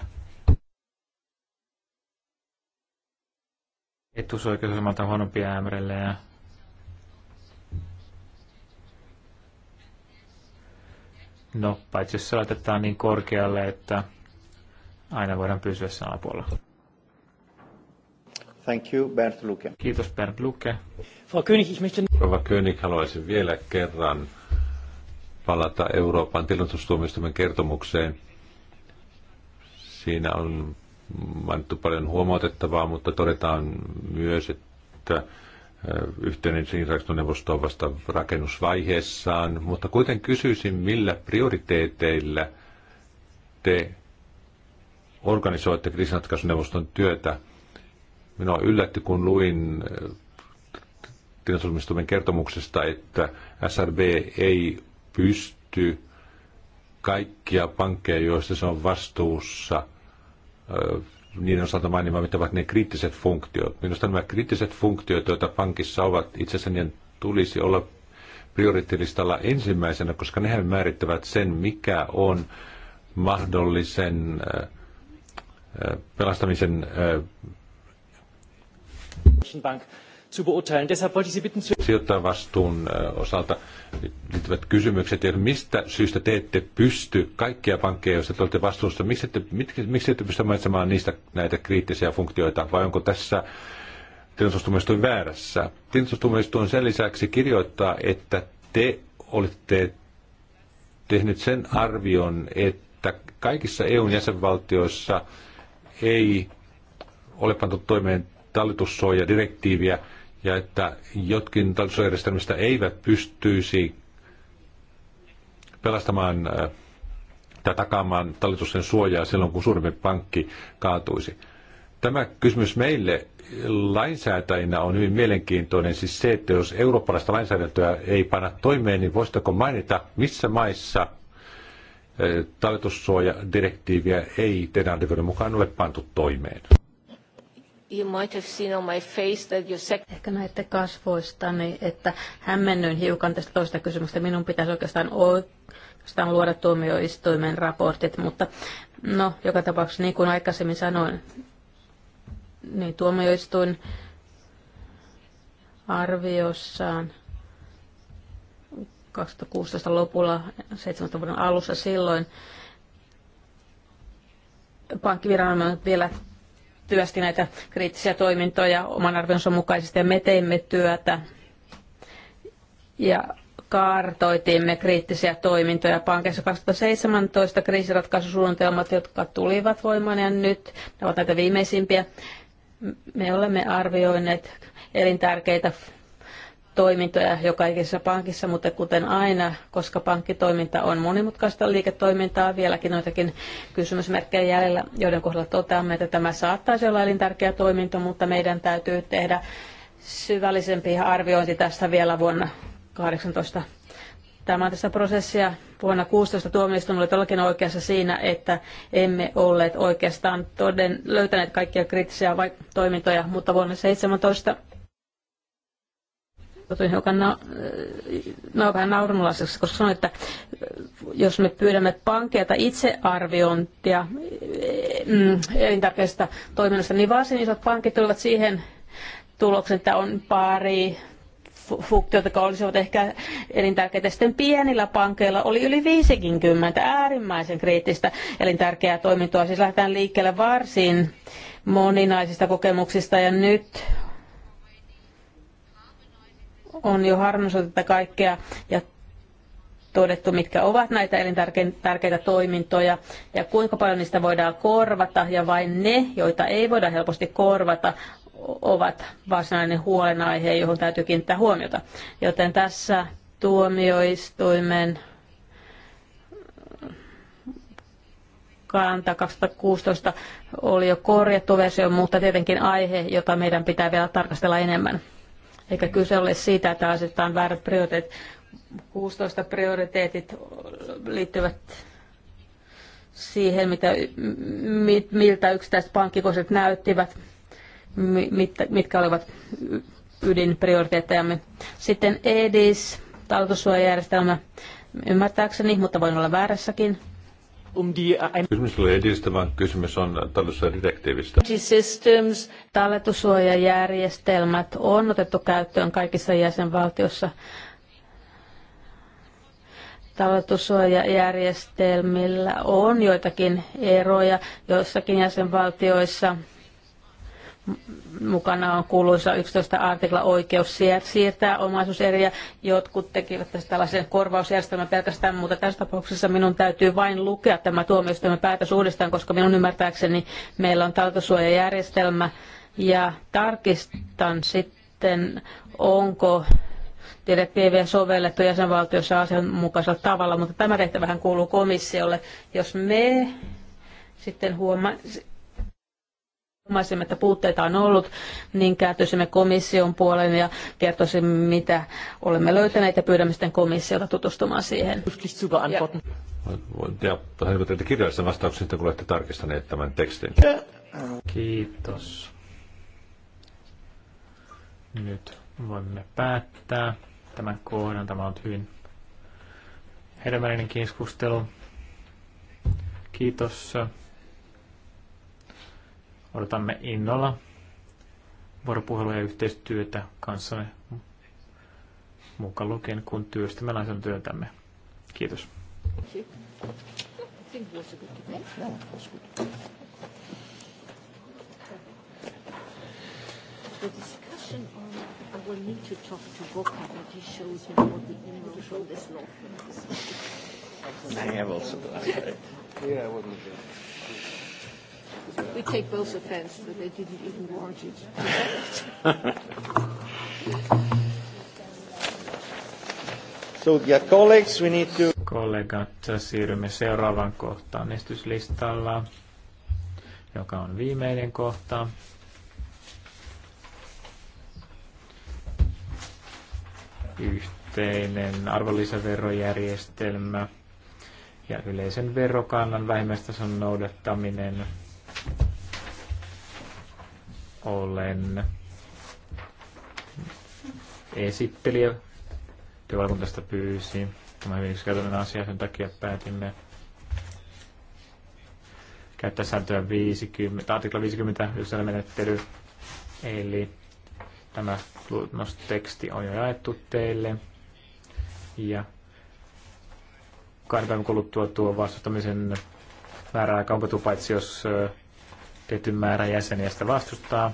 etusoikeusasemalta huonompi äämärille. ja No, paitsi jos se laitetaan niin korkealle, että aina voidaan pysyä sen alapuolella. Thank you, Bernd Luke. Kiitos, Bernd Luke. Frau König, ich möchte... Rova König, haluaisin vielä kerran palata Euroopan tilintustuomioistuimen kertomukseen. Siinä on annettu paljon huomautettavaa, mutta todetaan myös, että yhteinen sinisrakennusneuvosto on vasta rakennusvaiheessaan, mutta kuitenkin kysyisin, millä prioriteeteillä te organisoitte kriisinratkaisuneuvoston työtä. Minua yllätti, kun luin tilasolmistumen kertomuksesta, että SRB ei pysty kaikkia pankkeja, joista se on vastuussa – niiden osalta mainimaan, mitä ovat ne kriittiset funktiot. Minusta nämä kriittiset funktiot, joita pankissa ovat, itse asiassa niiden tulisi olla prioriteettilistalla ensimmäisenä, koska nehän määrittävät sen, mikä on mahdollisen pelastamisen Bank zu beurteilen. Deshalb wollte ich Sie bitten zu... Sijoittajavastuun äh, osalta liittyvät kysymykset. Ja mistä syystä te ette pysty kaikkia pankkeja, joista te olette vastuussa, miksi ette, miksi ette pysty mainitsemaan niistä näitä kriittisiä funktioita, vai onko tässä tilintustumistuin väärässä? Tilintustumistuin sen lisäksi kirjoittaa, että te olitte tehnyt sen arvion, että kaikissa EUn jäsenvaltioissa ei ole pantu toimeen talletussuojadirektiiviä direktiiviä ja että jotkin talousjärjestelmistä eivät pystyisi pelastamaan äh, tai takaamaan talletusten suojaa silloin, kun suurempi pankki kaatuisi. Tämä kysymys meille lainsäätäjinä on hyvin mielenkiintoinen, siis se, että jos eurooppalaista lainsäädäntöä ei panna toimeen, niin voisitko mainita, missä maissa äh, talletussuojadirektiiviä ei teidän mukaan ole pantu toimeen? You might have seen on my face that your Ehkä näette kasvoistani, että hämmennyin hiukan tästä toista kysymystä. Minun pitäisi oikeastaan, oikeastaan luoda tuomioistuimen raportit, mutta no, joka tapauksessa niin kuin aikaisemmin sanoin, niin tuomioistuin arviossaan 2016 lopulla, 17 vuoden alussa silloin, pankkiviranomainen vielä työsti näitä kriittisiä toimintoja oman arvionsa mukaisesti ja me teimme työtä ja kartoitimme kriittisiä toimintoja pankissa 2017 kriisiratkaisusuunnitelmat, jotka tulivat voimaan ja nyt ne ovat näitä viimeisimpiä. Me olemme arvioineet elintärkeitä toimintoja joka ikisessä pankissa, mutta kuten aina, koska pankkitoiminta on monimutkaista liiketoimintaa, vieläkin noitakin kysymysmerkkejä jäljellä, joiden kohdalla toteamme, että tämä saattaisi olla elintärkeä toiminto, mutta meidän täytyy tehdä syvällisempi arviointi tästä vielä vuonna 2018 Tämä on tässä prosessia vuonna 16 tuomioistuin oli todellakin oikeassa siinä, että emme olleet oikeastaan toden, löytäneet kaikkia kriittisiä toimintoja, mutta vuonna 17 Otin hiukan na- na- no, vähän naurunlaiseksi, koska sanoin, että jos me pyydämme pankeilta itsearviointia mm, elintärkeistä toiminnasta, niin varsin isot pankit tulevat siihen tuloksen, että on pari funktioita, jotka olisivat ehkä elintärkeitä. Sitten pienillä pankeilla oli yli 50 äärimmäisen kriittistä elintärkeää toimintoa. Siis lähdetään liikkeelle varsin moninaisista kokemuksista ja nyt on jo harmonisoitu tätä kaikkea ja todettu, mitkä ovat näitä elintärkeitä toimintoja ja kuinka paljon niistä voidaan korvata ja vain ne, joita ei voida helposti korvata, ovat varsinainen huolenaihe, johon täytyy kiinnittää huomiota. Joten tässä tuomioistuimen kanta 2016 oli jo korjattu versio, mutta tietenkin aihe, jota meidän pitää vielä tarkastella enemmän eikä kyse ole siitä, että asetetaan väärät prioriteetit. 16 prioriteetit liittyvät siihen, mitä, miltä yksittäiset pankkikoset näyttivät, mitkä olivat ydinprioriteettejamme. Sitten EDIS, talletussuojajärjestelmä, ymmärtääkseni, mutta voin olla väärässäkin um die... Äh, kysymys oli edistävän kysymys on tällaisesta direktiivistä. Systems, talletussuojajärjestelmät on otettu käyttöön kaikissa jäsenvaltiossa. Talletussuojajärjestelmillä on joitakin eroja joissakin jäsenvaltioissa – Mukana on kuuluisa 11 artikla oikeus siirtää omaisuuseriä. Jotkut tekivät tästä tällaisen korvausjärjestelmän pelkästään, mutta tässä tapauksessa minun täytyy vain lukea tämä tuomioistuimen päätös uudestaan, koska minun ymmärtääkseni meillä on tautosuojajärjestelmä. ja tarkistan sitten, onko direktiiviä sovellettu jäsenvaltiossa asianmukaisella tavalla, mutta tämä tehtävähän kuuluu komissiolle. Jos me sitten huomaa huomaisimme, että puutteita on ollut, niin kääntyisimme komission puoleen ja kertoisimme, mitä olemme löytäneet ja pyydämme sitten komissiota tutustumaan siihen. Ja, tehdä niin kirjallisen vastauksen sitten, kun olette tarkistaneet tämän tekstin. Kiitos. Nyt voimme päättää tämän kohdan. Tämä on hyvin hedelmällinen keskustelu. Kiitos. Odotamme innolla vuoropuhelua ja yhteistyötä kanssanne mukaan lukien, kun työstämme lainsäädäntötyötämme. Kiitos. The discussion on I will need to talk to Boca, but he shows me what the email from this law I have also. Yeah, I wasn't there. We take both offense that they didn't even warrant it. [LAUGHS] so, yeah, colleagues, we need to... Kollegat, siirrymme seuraavaan kohtaan esityslistalla, joka on viimeinen kohta. Yhteinen arvonlisäverojärjestelmä ja yleisen verokannan vähimmäistason noudattaminen – olen esittelijä. tästä pyysi. Tämä on hyvin yksinkertainen asia, sen takia päätimme käyttää sääntöä 50, artikla 50 menettely. Eli tämä teksti on jo jaettu teille. Ja kahden päivän kuluttua tuo vastustamisen määräaika onko paitsi jos tietty määrä jäseniä sitä vastustaa.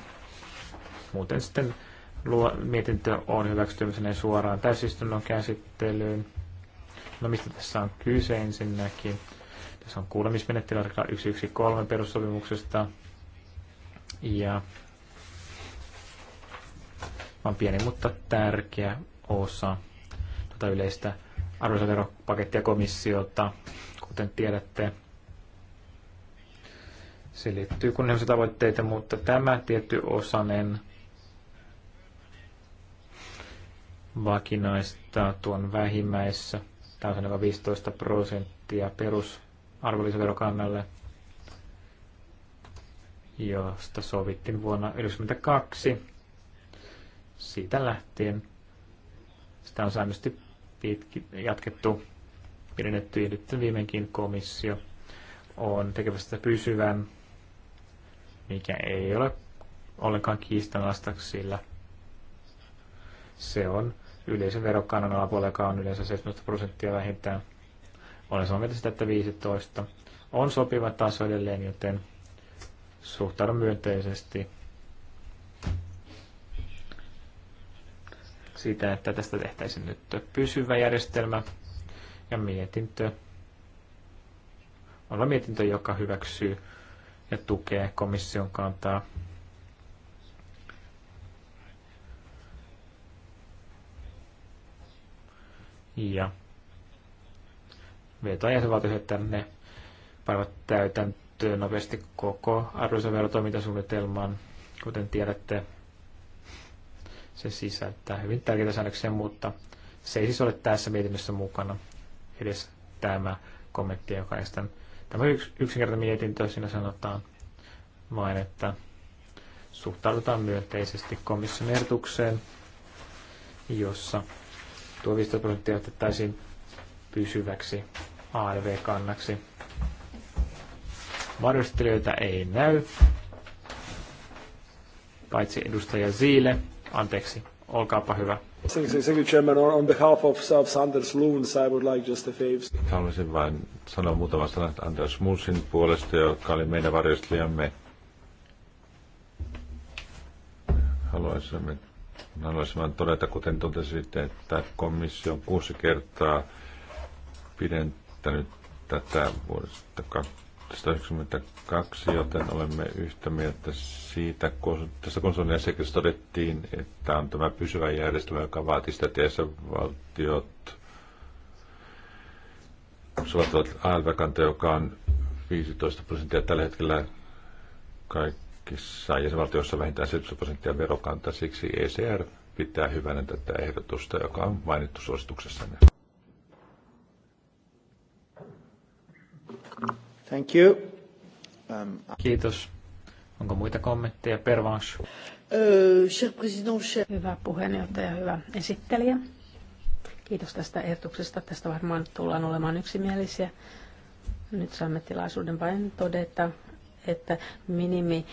Muuten sitten luo, mietintö on hyväksytymisenä suoraan täysistunnon käsittelyyn. No mistä tässä on kyse ensinnäkin? Tässä on kuulemismenettely artikla 113 perussopimuksesta. Ja on pieni, mutta tärkeä osa tuota yleistä arvonlisäveropakettia komissiota. Kuten tiedätte, se liittyy kunnianhimoisia tavoitteita, mutta tämä tietty osanen vakinaistaa tuon vähimmäissä. Tämä on 15 prosenttia perusarvonlisäverokannalle, josta sovittiin vuonna 1992. Siitä lähtien sitä on säännöllisesti pitki, jatkettu, pidennetty ja viimeinkin komissio on tekemässä pysyvän mikä ei ole ollenkaan kiistanalaista, sillä se on yleisen verokannan alapuolella, joka on yleensä 17 prosenttia vähintään. Olen samaa mieltä sitä, että 15 on sopiva taso edelleen, joten suhtaudun myönteisesti siitä, että tästä tehtäisiin nyt pysyvä järjestelmä ja mietintö. Olla mietintö, joka hyväksyy ja tukee komission kantaa. Ja vetoa jäsenvaltioihin, että ne panevat täytäntöön nopeasti koko arvonlisäverotoimintasuunnitelman. Kuten tiedätte, se sisältää hyvin tärkeitä säännöksiä, mutta se ei siis ole tässä mietinnössä mukana edes tämä kommentti, joka estää Tämä yks, yksinkertainen mietintö, siinä sanotaan vain, että suhtaudutaan myönteisesti komission ehdotukseen, jossa tuo 15 prosenttia otettaisiin pysyväksi ALV-kannaksi. Varjostelijoita ei näy, paitsi edustaja Ziile. Anteeksi, olkaapa hyvä. Haluaisin vain sanoa muutaman sanan Anders Munsin puolesta, joka oli meidän varjostelijamme. Haluaisimme haluaisin vain todeta, kuten totesitte, että komissio on kuusi kertaa pidentänyt tätä vuodesta 192, joten olemme yhtä mieltä siitä, kun tässä konsulniasiakirjassa todettiin, että on tämä pysyvä järjestelmä, joka vaatii sitä, että valtiot soveltavat alv joka on 15 prosenttia tällä hetkellä kaikissa jäsenvaltioissa vähintään 70 prosenttia verokanta, siksi ECR pitää hyvänä tätä ehdotusta, joka on mainittu suosituksessanne. Thank you. Um, Kiitos. Onko muita kommentteja? Pervans. Uh, hyvä puheenjohtaja, hyvä esittelijä. Kiitos tästä ehdotuksesta. Tästä varmaan tullaan olemaan yksimielisiä. Nyt saamme tilaisuuden vain todeta, että minimi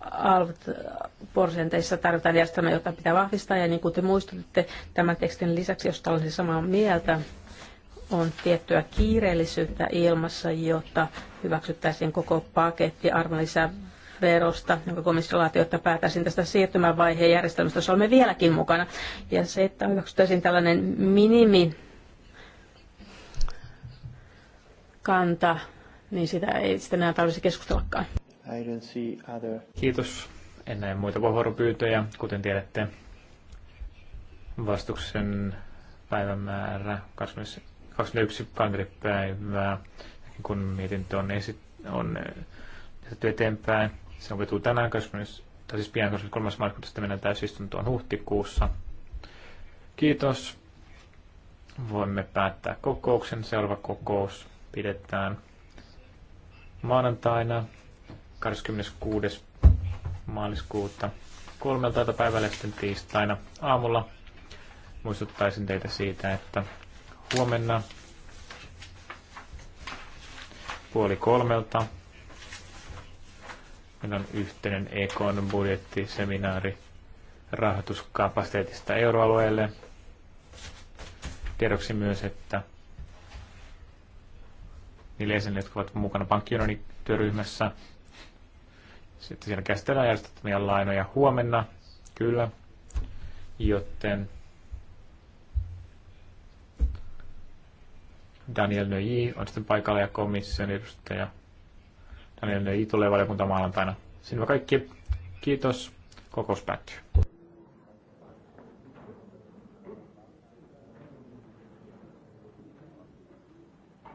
ALV-porsenteissa tarvitaan järjestelmä, jota pitää vahvistaa. Ja niin kuin te muistutitte, tämän tekstin lisäksi, jos olisi samaa mieltä, on tiettyä kiireellisyyttä ilmassa, jotta hyväksyttäisiin koko paketti arvonlisäverosta, jonka komissio laati, jotta päätäisiin tästä siirtymävaiheen järjestelmästä, jossa olemme vieläkin mukana. Ja se, että hyväksyttäisiin tällainen minimi kanta, niin sitä ei sitten enää tarvitsisi keskustellakaan. Kiitos. En näe muita puheenvuoropyyntöjä, kuten tiedätte. Vastuksen päivämäärä 20. 21 kalenteripäivää, kun mietintö on, esi- on lisätty äh, eteenpäin. Se on vetuu tänään, 20, tai siis pian 23. maailmassa, sitten mennään täysistuntoon huhtikuussa. Kiitos. Voimme päättää kokouksen. Seuraava kokous pidetään maanantaina 26. maaliskuuta kolmelta päivällä sitten tiistaina aamulla. Muistuttaisin teitä siitä, että huomenna puoli kolmelta. Meillä on yhteinen Ekon budjettiseminaari rahoituskapasiteetista euroalueelle. Tiedoksi myös, että niille jäsenille, jotka ovat mukana pankkiunionin työryhmässä, sitten siellä käsitellään järjestettäviä lainoja huomenna, kyllä, joten Daniel Nöji on sitten paikalla ja komission edustaja. Daniel Nöji tulee valiokunta maanantaina. Sinua kaikki. Kiitos. Kokous päättyy.